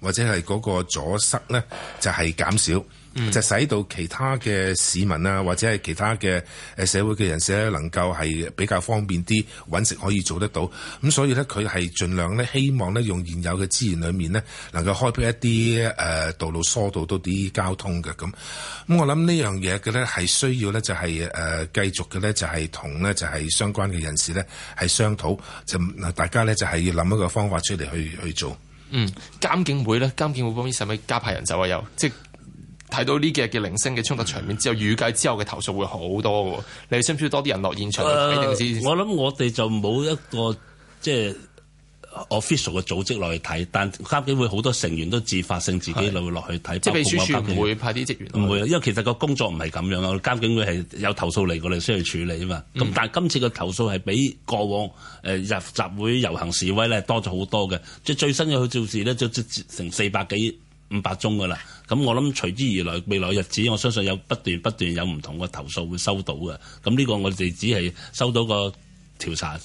或者係嗰個阻塞咧，就係、是、減少，嗯、就使到其他嘅市民啊，或者係其他嘅誒社會嘅人士咧，能夠係比較方便啲搵食可以做得到。咁、嗯、所以咧，佢係盡量咧，希望咧用現有嘅資源裏面咧，能夠開闢一啲誒、呃、道路疏道，疏導多啲交通嘅咁。咁、嗯、我諗呢樣嘢嘅咧，係需要咧就係、是、誒、呃、繼續嘅咧，就係同咧就係、是、相關嘅人士咧係商討，就大家咧就係、是、要諗一個方法出嚟去去做。嗯，監警會咧，監警會幫啲使唔使加派人手啊？又即係睇到呢幾日嘅零星嘅衝突場面之後，預計之後嘅投訴會好多嘅，你哋需唔需要多啲人落現場睇、uh, 定先？我諗我哋就冇一個即係。official 嘅組織落去睇，但監警會好多成員都自發性自己落落去睇。即秘書處唔會派啲職員。唔會啊，的因為其實個工作唔係咁樣啊。監警會係有投訴嚟，我哋需要處理啊嘛。咁、嗯、但係今次嘅投訴係比過往誒入、呃、集會遊行示威咧多咗好多嘅，即最新嘅個數字咧就成四百幾五百宗㗎啦。咁我諗隨之而來未來日子，我相信有不斷不斷有唔同嘅投訴會收到嘅。咁呢個我哋只係收到個調查。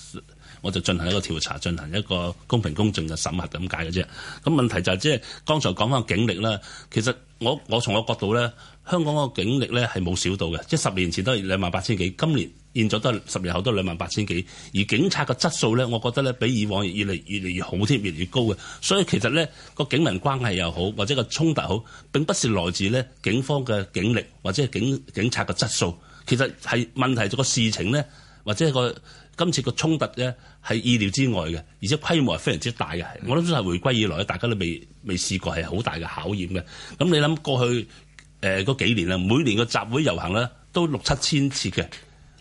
我就進行一個調查，進行一個公平公正嘅審核咁解嘅啫。咁問題就係即係剛才講返警力啦。其實我我從我角度咧，香港個警力咧係冇少到嘅，即係十年前都係兩萬八千幾，今年現在都係十年後都係兩萬八千幾。而警察嘅質素咧，我覺得咧比以往越嚟越嚟越好添，越嚟越高嘅。所以其實咧個警民關係又好，或者個衝突好，並不是來自咧警方嘅警力或者係警警察嘅質素，其實係問題就個事情咧或者個。今次個衝突咧係意料之外嘅，而且規模係非常之大嘅。係嘅。我諗都係回歸以來，大家都未未試過係好大嘅考驗嘅。咁你諗過去誒嗰、呃、幾年啦，每年個集會遊行咧都六七千次嘅。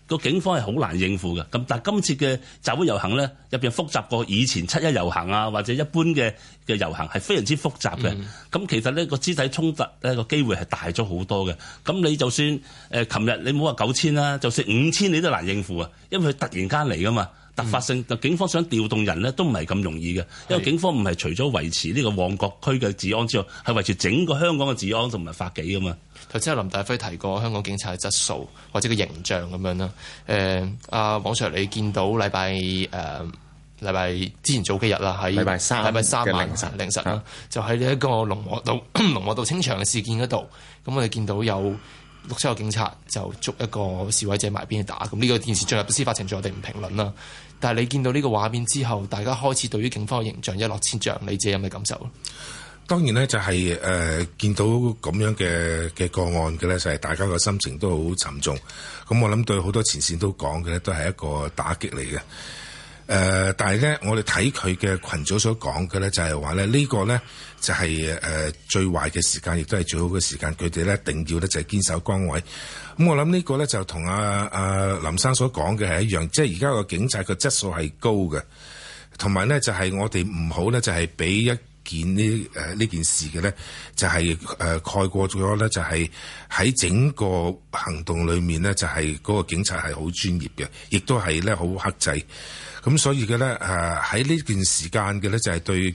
個警方係好難應付嘅，咁但係今次嘅集會遊行咧，入邊複雜過以前七一遊行啊，或者一般嘅嘅遊行係非常之複雜嘅。咁、嗯、其實呢個肢體衝突咧個機會係大咗好多嘅。咁你就算誒琴日你冇話九千啦，就算五千你都難應付啊，因為佢突然間嚟噶嘛。突發性，警方想調動人呢都唔係咁容易嘅。因為警方唔係除咗維持呢個旺角區嘅治安之外，係維持整個香港嘅治安同埋法紀啊嘛。頭先阿林大輝提過香港警察嘅質素或者個形象咁樣啦。誒、呃，阿、啊、黃 Sir，你見到禮拜誒禮拜之前早幾日啦，喺禮拜三禮拜三晚三凌晨凌晨啦，晨啊、就喺呢一個龍和道龍和道清場嘅事件嗰度，咁我哋見到有六七個警察就捉一個示威者埋邊去打。咁呢個件事進入司法程序，我哋唔評論啦。但係你見到呢個畫面之後，大家開始對於警方嘅形象一落千丈，你自己有咩感受咧？當然呢，就是呃，就係誒見到咁樣嘅嘅個案嘅咧，就係大家嘅心情都好沉重。咁我諗對好多前線都講嘅咧，都係一個打擊嚟嘅。誒、呃，但係咧，我哋睇佢嘅群組所講嘅咧，就係話咧呢、這個咧就係、是、誒、呃、最壞嘅時間，亦都係最好嘅時間。佢哋咧定要咧就係堅守崗位。咁、嗯、我諗呢個咧就同阿阿林生所講嘅係一樣，即係而家個警察個質素係高嘅，同埋咧就係、是、我哋唔好咧就係、是、俾一件呢誒呢件事嘅咧，就係誒蓋過咗咧就係、是、喺整個行動裏面咧就係、是、嗰個警察係好專業嘅，亦都係咧好克制。咁、嗯、所以嘅咧，誒喺呢段時間嘅咧，就係、是、對誒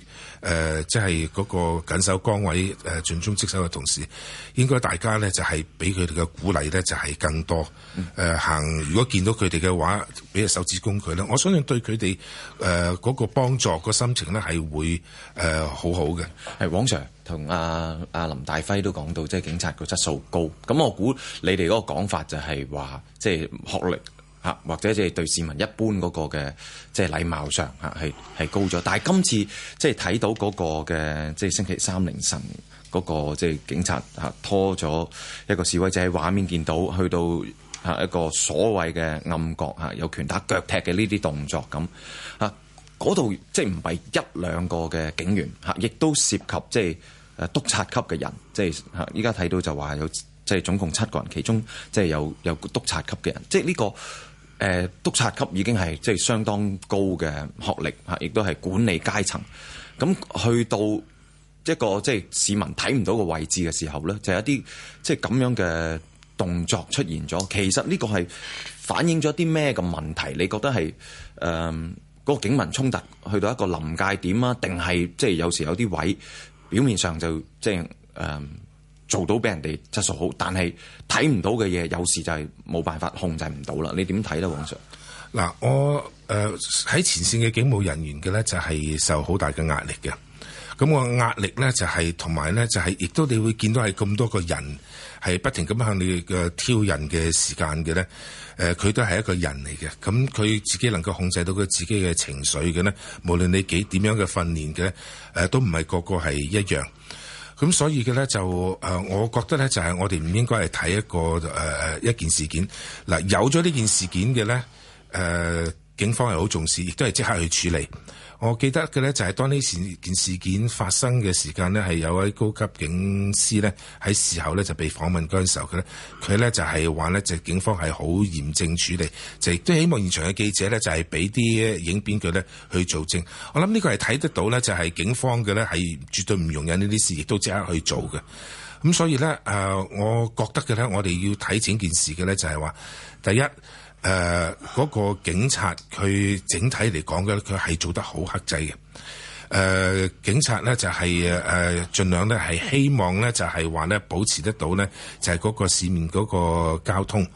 即係嗰個緊守崗位誒盡忠職守嘅同事，應該大家咧就係俾佢哋嘅鼓勵咧，就係、是就是、更多誒、呃、行。如果見到佢哋嘅話，俾隻手指公佢啦。我相信對佢哋誒嗰個幫助個心情咧，係會誒好好嘅。係王 Sir 同阿阿林大輝都講到，即、就、係、是、警察個質素高。咁我估你哋嗰個講法就係話，即、就、係、是、學歷。嚇，或者即係對市民一般嗰個嘅即係禮貌上嚇係係高咗，但係今次即係睇到嗰個嘅即係星期三凌晨嗰個即係警察嚇拖咗一個示威者喺畫面見到，去到嚇一個所謂嘅暗角嚇有拳打腳踢嘅呢啲動作咁，嚇嗰度即係唔係一兩個嘅警員嚇，亦都涉及即係誒督察級嘅人，即係嚇依家睇到就話有即係總共七個人，其中即係有有督察級嘅人，即係、這、呢個。誒督察級已經係即係相當高嘅學歷嚇，亦都係管理階層。咁去到一個即係市民睇唔到個位置嘅時候咧，就有一啲即係咁樣嘅動作出現咗。其實呢個係反映咗啲咩嘅問題？你覺得係誒嗰個警民衝突去到一個臨界點啊，定係即係有時有啲位表面上就即係誒？呃做到畀人哋質素好，但係睇唔到嘅嘢，有時就係冇辦法控制唔到啦。你點睇咧，黃 Sir？嗱，我誒喺、呃、前線嘅警務人員嘅咧，就係、是、受好大嘅壓力嘅。咁、嗯、我壓力咧，就係同埋咧，就係、是、亦都你會見到係咁多個人係不停咁向你嘅挑釁嘅時間嘅咧。誒、呃，佢都係一個人嚟嘅。咁、嗯、佢自己能夠控制到佢自己嘅情緒嘅咧，無論你幾點樣嘅訓練嘅，誒、呃、都唔係個個係一樣。咁所以嘅咧就，誒、呃，我覺得咧就係、是、我哋唔應該係睇一個誒、呃、一件事件。嗱、呃，有咗呢件事件嘅咧，誒、呃，警方係好重視，亦都係即刻去處理。我記得嘅咧，就係當呢件事件發生嘅時間呢，係有位高級警司呢，喺事後呢就被訪問嗰陣時候，佢咧佢呢就係話呢，就警方係好嚴正處理，就亦都希望現場嘅記者呢，就係俾啲影片佢呢去做證。我諗呢個係睇得到呢就係警方嘅呢係絕對唔容忍呢啲事，亦都即刻去做嘅。咁、嗯、所以呢，誒、呃，我覺得嘅呢，我哋要睇整件事嘅呢，就係話第一。誒，嗰、呃，那個警察佢整體嚟講嘅，佢係做得好克制嘅。誒、呃，警察咧就係、是、誒，盡、呃、量咧係希望咧就係話咧保持得到咧，就係、是、嗰個市面嗰個交通。誒、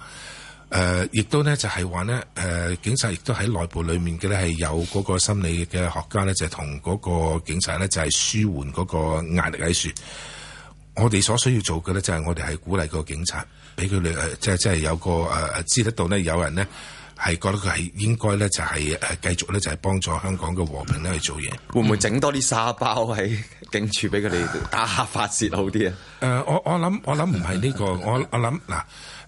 呃，亦都咧就係話咧，誒、呃，警察亦都喺內部裏面嘅咧係有嗰個心理嘅學家咧，就係同嗰個警察咧就係、是、舒緩嗰個壓力喺處。我哋所需要做嘅咧就係、是、我哋係鼓勵個警察。俾佢哋誒，即係即係有個誒誒、呃，知得到咧，有人呢係覺得佢係應該咧、就係，就係誒繼續咧，就係幫助香港嘅和平咧去做嘢。會唔會整多啲沙包喺警署俾佢哋打下發泄好啲啊？誒、呃，我我諗我諗唔係呢個， 我我諗嗱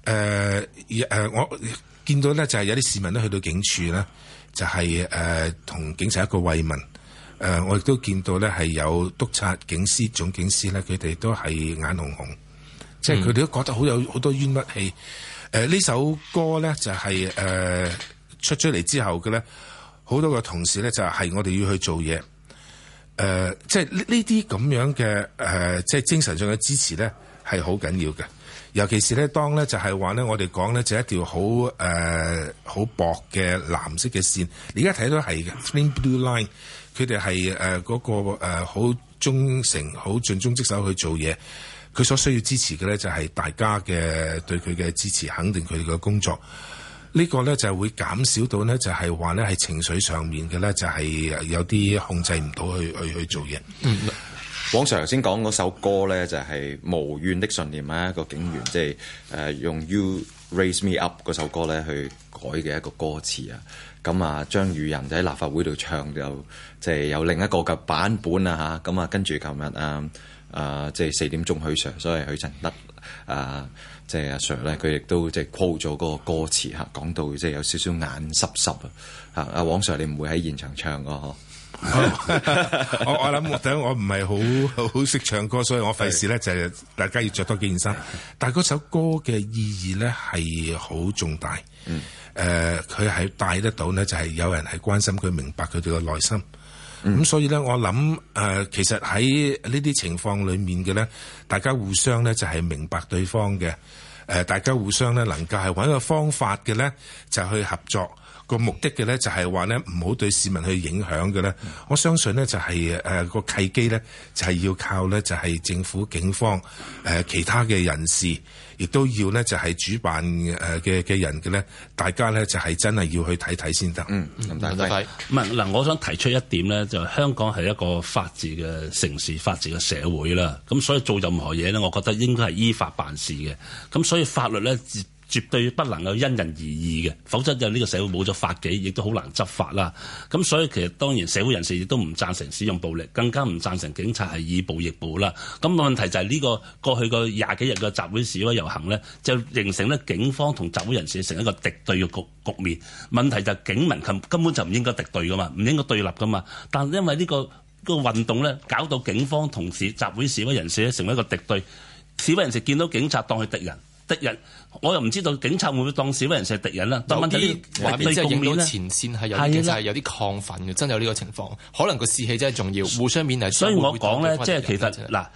誒誒，我，、呃我，呃、我見到咧就係有啲市民都去到警署咧，就係誒同警察一個慰問。誒、呃，我亦都見到咧係有督察、警司、總警司咧，佢哋都係眼紅紅。即係佢哋都覺得好有好多冤屈氣，誒、呃、呢首歌咧就係、是、誒、呃、出咗嚟之後嘅咧，好多個同事咧就係、是、我哋要去做嘢，誒、呃、即係呢啲咁樣嘅誒、呃、即係精神上嘅支持咧係好緊要嘅，尤其是咧當咧就係話咧我哋講咧就是、一條好誒好薄嘅藍色嘅線，你而家睇到係 Thin Blue Line，佢哋係誒嗰個好、呃、忠誠、好盡忠職守去做嘢。佢所需要支持嘅咧，就係大家嘅對佢嘅支持，肯定佢哋嘅工作。呢、這個咧就係會減少到呢，就係話咧係情緒上面嘅咧，就係有啲控制唔到去去去做嘢。黃 Sir 頭先講嗰首歌咧、就是，就係無怨的信念啊，一個警員即係誒用 You Raise Me Up 嗰首歌咧去改嘅一個歌詞、嗯、啊。咁啊，張宇人就喺立法會度唱就，就即、是、係有另一個嘅版本啊嚇。咁啊，跟住琴日啊。啊、呃，即係四點鐘許 Sir，所以許振德啊，即係阿 Sir 咧，佢亦都即係 call 咗嗰個歌詞嚇，講到即係有少少眼濕濕啊！嚇，阿黃 Sir 你唔會喺現場唱個呵 我我諗，我等我唔係好好識唱歌，所以我費事咧，是就大家要着多幾件衫。但係嗰首歌嘅意義咧係好重大。嗯。佢係帶得到呢就係、是、有人係關心佢，明白佢哋嘅內心。咁、嗯、所以咧，我諗誒，其實喺呢啲情況裏面嘅咧，大家互相咧就係明白對方嘅，誒、呃，大家互相咧能夠係揾個方法嘅咧，就係、去合作個目的嘅咧，就係話咧唔好對市民去影響嘅咧。我相信咧就係誒個契機咧，就係要靠咧就係政府、警方誒、呃、其他嘅人士。亦都要咧，就係主辦誒嘅嘅人嘅咧，大家咧就係真係要去睇睇先得。嗯，咁睇、嗯，唔係嗱，是是我想提出一點咧，就香港係一個法治嘅城市，法治嘅社會啦。咁所以做任何嘢咧，我覺得應該係依法辦事嘅。咁所以法律咧絕對不能夠因人而異嘅，否則就呢個社會冇咗法紀，亦都好難執法啦。咁所以其實當然社會人士亦都唔贊成使用暴力，更加唔贊成警察係以暴易暴啦。咁個問題就係呢個過去個廿幾日嘅集會示威遊行呢，就形成呢警方同集會人士成一個敵對嘅局局面。問題就係警民根本就唔應該敵對噶嘛，唔應該對立噶嘛。但因為呢、呢個、呢個運動呢，搞到警方同市集會示威人士成為一個敵對，示威人士見到警察當佢敵人。敵人，我又唔知道警察會唔會當示威人士係敵人啦。點但問題呢即係影到前線係有其實係有啲亢奮嘅。是的 真有呢個情況。可能個士氣真係重要，互相勉勵。所以我講咧是，即係其實嗱，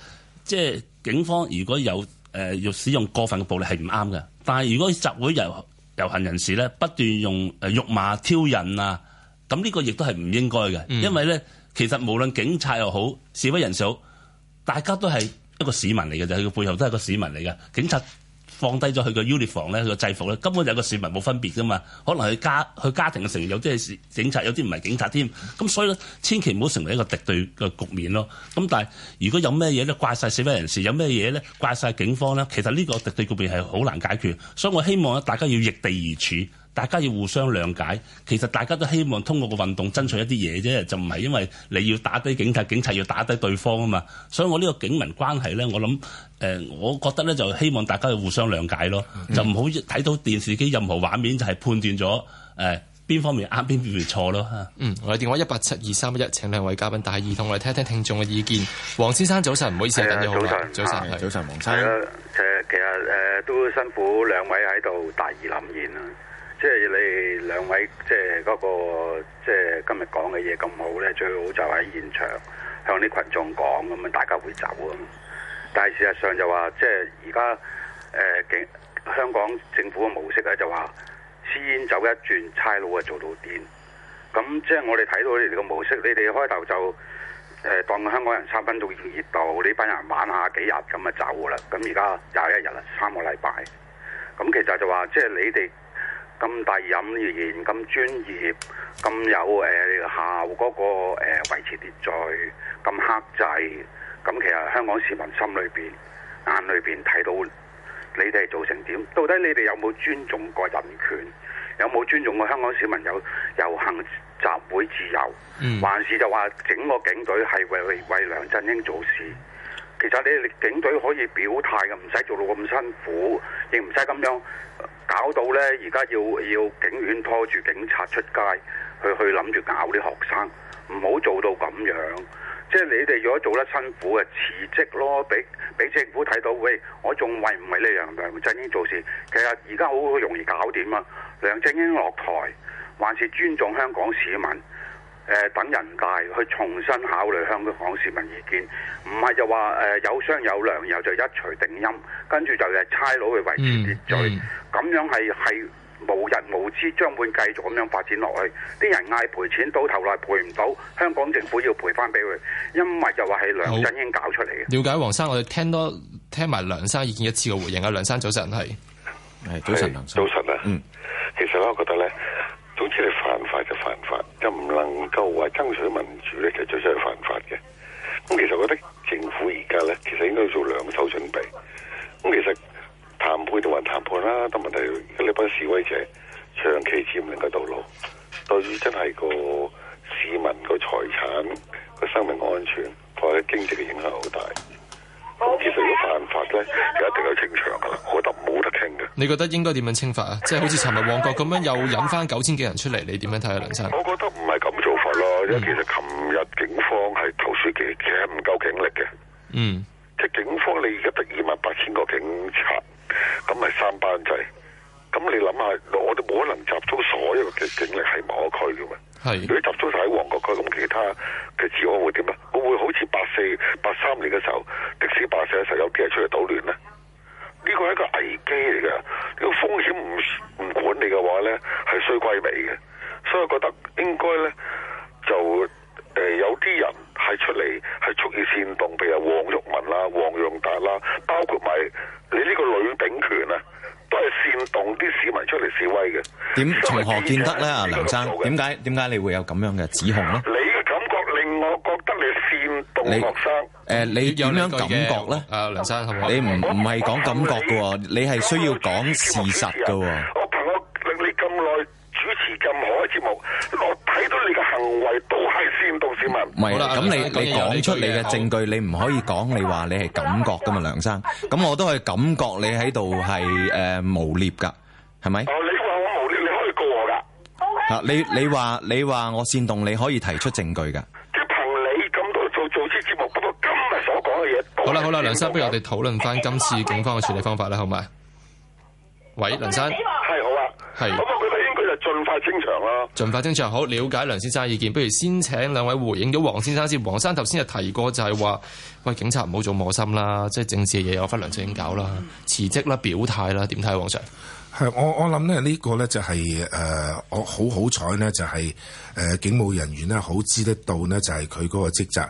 即係警方如果有誒用、呃、使用過分嘅暴力係唔啱嘅。但係如果集會遊遊行人士咧不斷用誒辱罵挑釁啊，咁呢個亦都係唔應該嘅，嗯、因為咧其實無論警察又好示威人士好，大家都係一個市民嚟嘅，就係佢背後都係個市民嚟嘅，警察。放低咗佢個 uniform 咧，佢個制服咧，根本有個市民冇分別噶嘛。可能佢家佢家庭嘅成員有啲係警察，有啲唔係警察添。咁所以咧，千祈唔好成為一個敵對嘅局面咯。咁但係如果有咩嘢咧，怪晒示威人士；有咩嘢咧，怪晒警方咧。其實呢個敵對局面係好難解決，所以我希望咧大家要易地而處。大家要互相諒解，其實大家都希望通過個運動爭取一啲嘢啫，就唔係因為你要打低警察，警察要打低對方啊嘛。所以我呢個警民關係咧，我諗誒、呃，我覺得咧就希望大家要互相諒解咯，嗯、就唔好睇到電視機任何畫面就係判斷咗誒邊方面啱邊方面錯咯。我嗯，我哋電話一八七二三一，請兩位嘉賓戴耳筒同我哋聽一聽聽，聽眾嘅意見。黃先生早晨，唔好意思早晨，早晨，的早晨，黃生。其實誒、呃、都辛苦兩位喺度大義凜然啊。即係你兩位，即係嗰個，即係今日講嘅嘢咁好咧，最好就喺現場向啲群眾講，咁啊大家會走。咁但係事實上就話，即係而家誒警香港政府嘅模式咧，就話先走一轉差佬啊，就做到掂。咁即係我哋睇到你哋個模式，你哋開頭就誒當香港人三分鐘熱度，呢班人玩下幾日咁啊走啦。咁而家廿一日啦，三個禮拜。咁其實就話，即係你哋。咁大任而言，咁專業，咁有誒效嗰個誒呃、維持秩序，咁克制，咁其實香港市民心裏邊、眼裏邊睇到你哋做成點？到底你哋有冇尊重過人權？有冇尊重過香港市民有遊行集會自由？嗯，還是就話整個警隊係為為梁振英做事？其實你哋警隊可以表態嘅，唔使做到咁辛苦，亦唔使咁樣。搞到呢，而家要要警犬拖住警察出街，去去諗住咬啲學生，唔好做到咁樣。即係你哋如果做得辛苦嘅，就辭職咯，俾俾政府睇到，喂，我仲為唔為呢樣梁振英做事？其實而家好容易搞掂啊！梁振英落台，還是尊重香港市民。誒、呃、等人大去重新考慮香港市民意見，唔係就話誒、呃、有商有量，然後就一錘定音，跟住就係差佬去維持秩序，咁、嗯嗯、樣係係無人無知將會繼續咁樣發展落去，啲人嗌賠錢到頭來賠唔到，香港政府要賠翻俾佢，因為就話係梁振英搞出嚟嘅。了解，黃生，我哋聽多聽埋梁生意見一次嘅回應啊。梁生，早晨。係，誒，早晨梁生，早晨啊，嗯，其實我覺得咧。好似你犯法就犯法，就唔能夠話爭取民主咧，就最真係犯法嘅。咁其實我覺得政府而家咧，其實應該要做兩手準備，咁其實談判就話談判啦、啊，但問題而家呢班示威者長期佔領個道路，對於真係個市民個財產個生命安全同埋經濟嘅影響好大。好結束嘅辦法咧，就一定有清場噶啦，我覺得冇得傾嘅。你覺得應該點樣清法啊？ 即係好似尋日旺角咁樣，又引翻九千幾人出嚟，你點樣睇啊？梁生，我覺得唔係咁做法咯，嗯、因為其實琴日警方係投訴其，夠嗯、其實唔夠警力嘅。嗯，即係警方，你而家得二萬八千個警察，咁係三班制，咁你諗下，我哋冇可能集中所有嘅警力喺某一區噶嘛？係如果集中晒喺旺角區，咁其他嘅治安會點咧？會唔會好似八四、八三年嘅時候，歷史八四嘅時候有啲人出嚟搗亂呢？呢個係一個危機嚟噶，呢個風險唔唔管理嘅話呢，係衰鬼尾嘅，所以我覺得應該呢，就誒、呃、有啲人係出嚟係蓄意煽動，譬如黃毓民啦、啊、黃洋達啦，包括埋你呢個呂秉權啊。都係煽動啲市民出嚟示威嘅。點從何見得咧？啊，梁生，點解點解你會有咁樣嘅指控咧？你嘅感覺令我覺得你煽動學生。誒，你點樣感覺咧？啊，梁生，你唔唔係講感覺㗎喎，你係需要講事實㗎喎。我憑我令你咁耐主持咁好嘅節目，我睇到你嘅行為都。唔係啊！咁你你講出你嘅證據，你唔可以講你話你係感覺噶嘛，梁生。咁我都係感覺你喺度係誒誣衊噶，係咪？哦，你話我誣衊，你可以告我噶。啊，你你話你話我煽動，你可以提出證據噶。即憑你咁做做做呢節目，咁我今日所講嘅嘢。好啦好啦，梁生，不如我哋討論翻今次警方嘅處理方法啦，好唔好啊？喂，梁生。係好啊。係。盡快清場啦！盡快清場好，了解梁先生嘅意見，不如先請兩位回應咗黃先生先。黃生頭先就提過就係話，喂，警察唔好做磨心啦，即係政治嘅嘢，我分兩次點搞啦，辭職啦，表態啦，點睇黃生？係我我諗咧，呢個咧就係誒，我好好彩呢，就係、誒警務人員呢，好知得到呢，就係佢嗰個職責。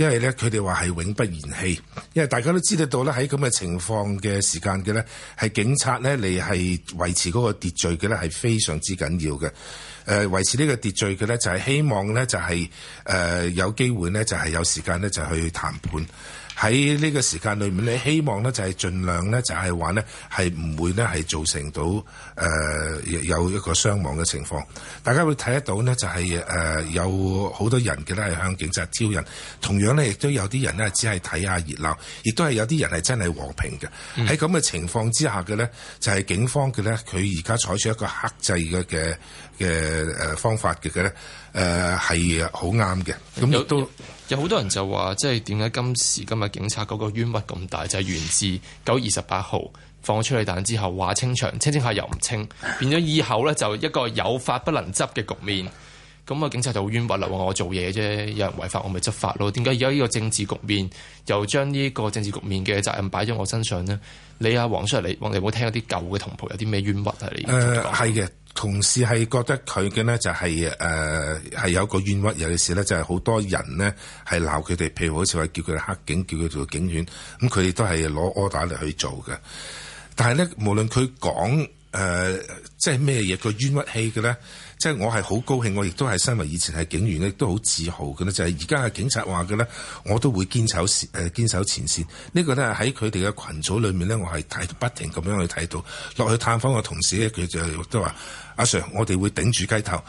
因為咧，佢哋話係永不言棄。因為大家都知得到咧，喺咁嘅情況嘅時間嘅咧，係警察咧嚟係維持嗰個秩序嘅咧係非常之緊要嘅。誒、呃、維持呢個秩序嘅咧就係、是、希望咧就係、是、誒、呃、有機會咧就係有時間咧就去談判。喺呢個時間裏面，你希望咧就係盡量咧就係話咧係唔會咧係造成到誒、呃、有一個傷亡嘅情況。大家會睇得到咧就係、是、誒、呃、有好多人嘅咧係向警察挑釁，同樣咧亦都有啲人咧只係睇下熱鬧，亦都係有啲人係真係和平嘅。喺咁嘅情況之下嘅咧，就係、是、警方嘅咧，佢而家採取一個克制嘅嘅嘅誒方法嘅咧，誒係好啱嘅。咁有都有好多人就話，即係點解今時今日警察嗰個冤屈咁大，就係源自九月二十八號放咗催淚彈之後話清場，清清下又唔清，變咗以後咧就一個有法不能執嘅局面。咁啊，警察就好冤屈啦！話我做嘢啫，有人違法我咪執法咯。點解而家呢個政治局面又將呢個政治局面嘅責任擺咗我身上呢？你啊，黃嚟，你有冇聽啲舊嘅同袍有啲咩冤屈係、呃、你？誒，係嘅。同事係覺得佢嘅咧就係誒係有個冤屈，尤其是咧就係好多人咧係鬧佢哋，譬如好似話叫佢黑警，叫佢做警犬，咁佢哋都係攞柯打嚟去做嘅。但係咧，無論佢講誒即係咩嘢個冤屈氣嘅咧。即係我係好高興，我亦都係身為以前係警員咧，亦都好自豪嘅咧。就係而家係警察話嘅咧，我都會堅守誒、呃、堅守前線。這個、呢個咧喺佢哋嘅群組裏面咧，我係睇不停咁樣去睇到落去探訪嘅同事咧，佢就都話：阿、啊、Sir，我哋會頂住雞頭，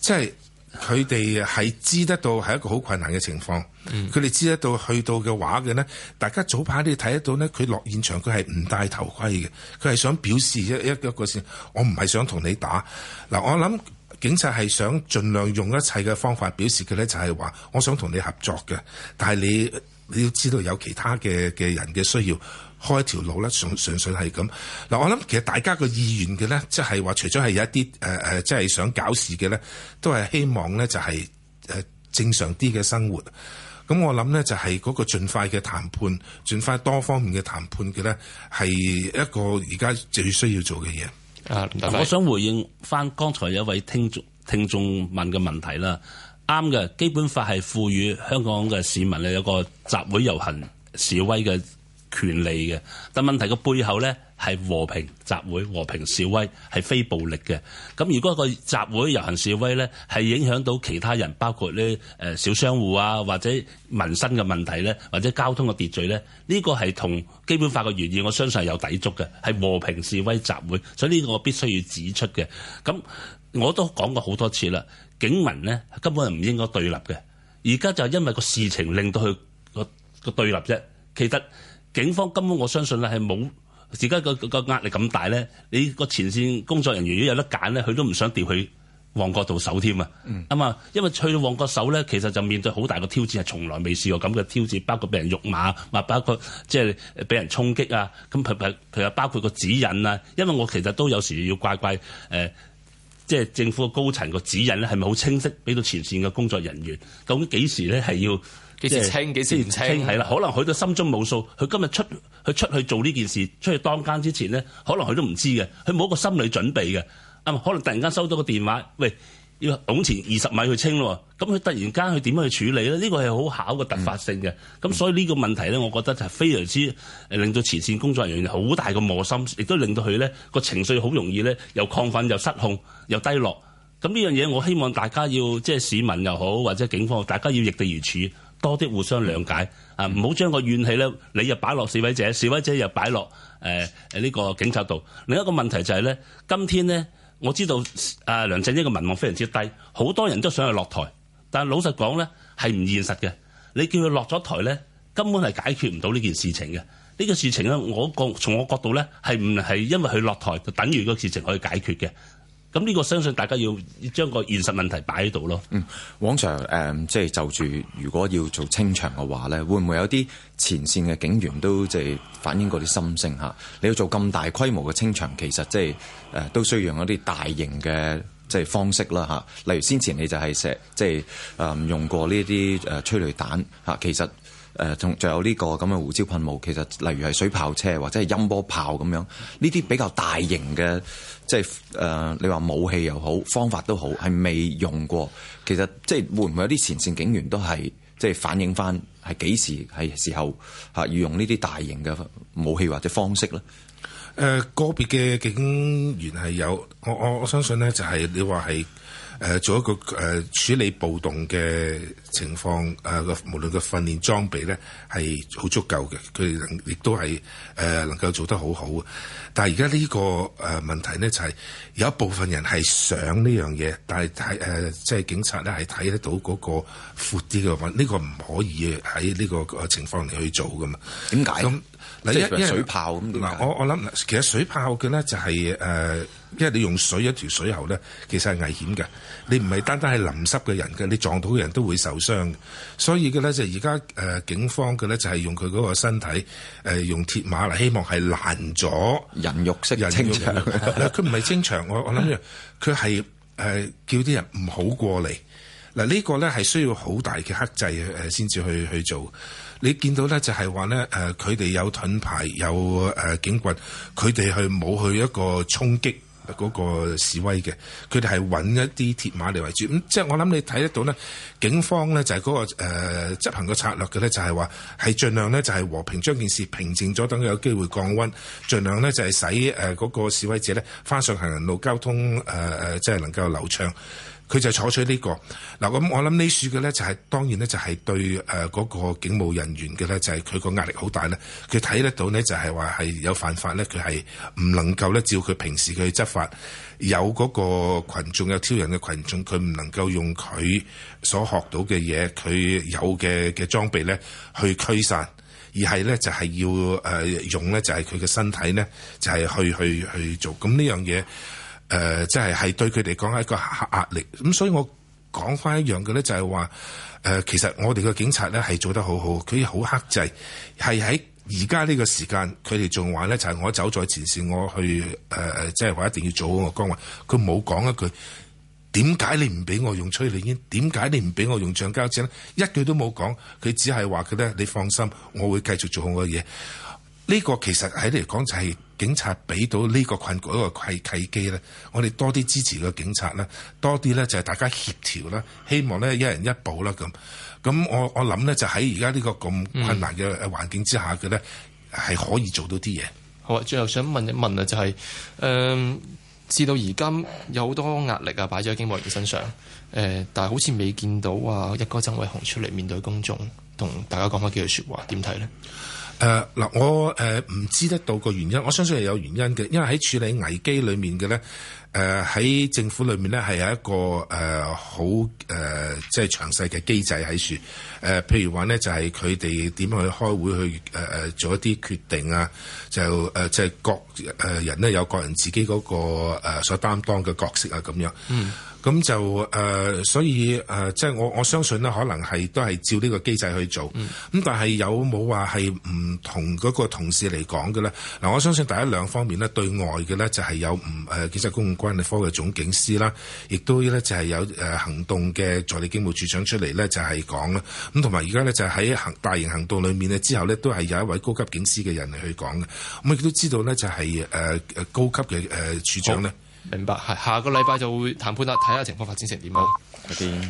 即係。佢哋係知得到係一個好困難嘅情況，佢哋、嗯、知得到去到嘅話嘅咧，大家早排你睇得到咧，佢落現場佢係唔戴頭盔嘅，佢係想表示一個一個先，我唔係想同你打。嗱，我諗警察係想盡量用一切嘅方法表示嘅咧，就係、是、話我想同你合作嘅，但係你你要知道有其他嘅嘅人嘅需要。開一條路咧，純純粹係咁嗱。我諗其實大家嘅意願嘅咧，即係話，除咗係有一啲誒誒，即、呃、係、就是、想搞事嘅咧，都係希望咧就係誒正常啲嘅生活。咁、嗯、我諗咧就係嗰個盡快嘅談判，盡快多方面嘅談判嘅咧，係一個而家最需要做嘅嘢。啊，謝謝。我想回應翻剛才有一位聽眾聽眾問嘅問題啦，啱嘅基本法係賦予香港嘅市民咧有個集會遊行示威嘅權利嘅，但問題個背後呢，係和平集會、和平示威係非暴力嘅。咁如果個集會遊行示威呢，係影響到其他人，包括呢誒小商戶啊，或者民生嘅問題呢，或者交通嘅秩序呢，呢個係同基本法嘅原意，我相信係有抵觸嘅，係和平示威集會。所以呢個我必須要指出嘅。咁我都講過好多次啦，警民呢根本係唔應該對立嘅。而家就因為個事情令到佢個個對立啫，其實。警方根本我相信咧係冇而家個個壓力咁大咧，你個前線工作人員如果有得揀咧，佢都唔想調去旺角度守添啊！咁、呃、啊、呃呃呃呃，因為去到旺角守咧，其實就面對好大個挑戰，係從來未試過咁嘅挑戰，包括俾人辱罵，或包括即係俾人衝擊啊！咁佢佢佢又包括個、呃呃、指引啊，因為我其實都有時要怪怪誒，即、呃、係、呃呃、政府個高層個指引咧係咪好清晰俾到前線嘅工作人員？究竟幾時咧係要？幾時清幾時清係啦？可能佢都心中冇數。佢今日出佢出去做呢件事，出去當間之前咧，可能佢都唔知嘅。佢冇一個心理準備嘅啊。可能突然間收到個電話，喂，要往前二十米去清咯。咁佢突然間佢點樣去處理咧？呢個係好巧個突發性嘅。咁、嗯、所以呢個問題咧，我覺得就非常之誒，令到前線工作人員好大嘅磨心，亦都令到佢咧個情緒好容易咧又亢奮又失控又低落。咁呢樣嘢，我希望大家要即係市民又好或者警方，大家要易地而處。多啲互相諒解、嗯、啊！唔好將個怨氣咧，你又擺落示威者，示威者又擺落誒誒呢個警察度。另一個問題就係、是、咧，今天咧我知道啊，梁振英嘅民望非常之低，好多人都想去落台，但係老實講咧係唔現實嘅。你叫佢落咗台咧，根本係解決唔到呢件事情嘅。呢、這個事情咧，我角從我角度咧係唔係因為佢落台就等於個事情可以解決嘅？咁呢個相信大家要將個現實問題擺喺度咯。嗯，王 Sir 誒即係就住、是、如果要做清場嘅話咧，會唔會有啲前線嘅警員都即係反映過啲心聲嚇？你要做咁大規模嘅清場，其實即係誒都需要用一啲大型嘅即係方式啦嚇、啊。例如先前你就係射即係誒用過呢啲誒催淚彈嚇、啊，其實誒仲仲有呢個咁嘅胡椒噴霧，其實例如係水炮車或者係音波炮咁樣，呢啲比較大型嘅。即係誒，你話武器又好，方法都好，係未用過。其實即係會唔會有啲前線警員都係即係反映返，係幾時係時候吓要用呢啲大型嘅武器或者方式咧？誒、呃，個別嘅警員係有，我我我相信咧，就係、是、你話係。誒做一個誒、呃、處理暴動嘅情況，誒、呃、個無論個訓練裝備咧係好足夠嘅，佢亦都係誒、呃、能夠做得好好啊！但係而家呢個誒、呃、問題咧就係、是、有一部分人係想呢樣嘢，但係睇誒即係警察咧係睇得到嗰個闊啲嘅話，呢、這個唔可以喺呢個情況嚟去做噶嘛？點解？咁水炮咁。嗱，我我諗，其實水炮嘅咧就係、是、誒、呃，因為你用水一條水喉咧，其實係危險嘅。你唔係單單係淋濕嘅人嘅，你撞到嘅人都會受傷。所以嘅咧就而家誒警方嘅咧就係用佢嗰個身體誒、呃、用鐵馬嚟，希望係攔咗人肉式清場。佢唔係清場，我我諗住佢係誒叫啲人唔好過嚟。嗱、呃這個、呢個咧係需要好大嘅克制誒先至去去做。你見到咧就係話咧誒，佢、呃、哋有盾牌有誒、呃、警棍，佢哋係冇去一個衝擊嗰個示威嘅，佢哋係揾一啲鐵馬嚟圍住。咁、嗯、即係我諗你睇得到咧，警方咧就係嗰、那個誒、呃、執行嘅策略嘅咧，就係話係盡量咧就係和平將件事平靜咗，等佢有機會降溫，盡量咧就係、是、使誒嗰個示威者咧返上行人路交通誒誒、呃，即係能夠流暢。佢就採取呢、呢個嗱，咁我諗呢樹嘅咧，就係當然咧，就係對誒嗰個警務人員嘅咧，就係佢個壓力好大咧。佢睇得到咧，就係話係有犯法咧，佢係唔能夠咧照佢平時佢去執法有嗰個羣眾有挑釁嘅群眾，佢唔能夠用佢所學到嘅嘢，佢有嘅嘅裝備咧去驅散，而係咧就係、是、要誒、呃、用咧就係佢嘅身體咧，就係、是、去去去做咁呢樣嘢。誒，即係係對佢哋講係一個壓力，咁所以我講翻一樣嘅咧，就係話誒，其實我哋嘅警察咧係做得好好，佢好克制，係喺而家呢個時間，佢哋仲話咧就係、是、我走在前線，我去誒即係話一定要做好個崗位，佢冇講一句，點解你唔俾我用催淚煙？點解你唔俾我用橡膠子彈？一句都冇講，佢只係話佢咧，你放心，我會繼續做好我嘅嘢。呢、這個其實喺你嚟講就係、是。警察俾到呢個困局一個契契機咧，我哋多啲支持個警察啦，多啲咧就係大家協調啦，希望咧一人一步啦咁。咁我我諗咧就喺而家呢個咁困難嘅環境之下嘅咧，係、嗯、可以做到啲嘢。好啊，最後想問一問啊、就係，就係誒，至到而今有好多壓力啊，擺咗喺警務人嘅身上誒、呃，但係好似未見到啊一哥曾偉雄出嚟面對公眾，同大家講翻幾句説話，點睇咧？誒，嗱，我誒唔知得到個原因，我相信係有原因嘅，因為喺處理危機裏面嘅咧，誒、呃、喺政府裏面咧係有一個誒好誒即係詳細嘅機制喺處，誒、呃、譬如話咧就係佢哋點樣去開會去誒誒、呃、做一啲決定啊，就誒即係各誒人咧有各人自己嗰個誒所擔當嘅角色啊咁樣。嗯咁就誒、呃，所以誒、呃，即係我我相信咧，可能係都係照呢個機制去做。咁、嗯、但係有冇話係唔同嗰個同事嚟講嘅咧？嗱、呃，我相信第一兩方面咧，對外嘅咧就係、是、有唔誒，警、呃、察公共關係科嘅總警司啦，亦都咧就係有誒、呃、行動嘅助理警務處長出嚟咧，就係講啦。咁同埋而家咧就喺、是、行大型行動裏面咧之後咧，都係有一位高級警司嘅人嚟去講嘅。咁亦都知道咧就係誒誒高級嘅誒、呃、處長咧。嗯明白，係下個禮拜就會談判啦，睇下情況發展成點啊。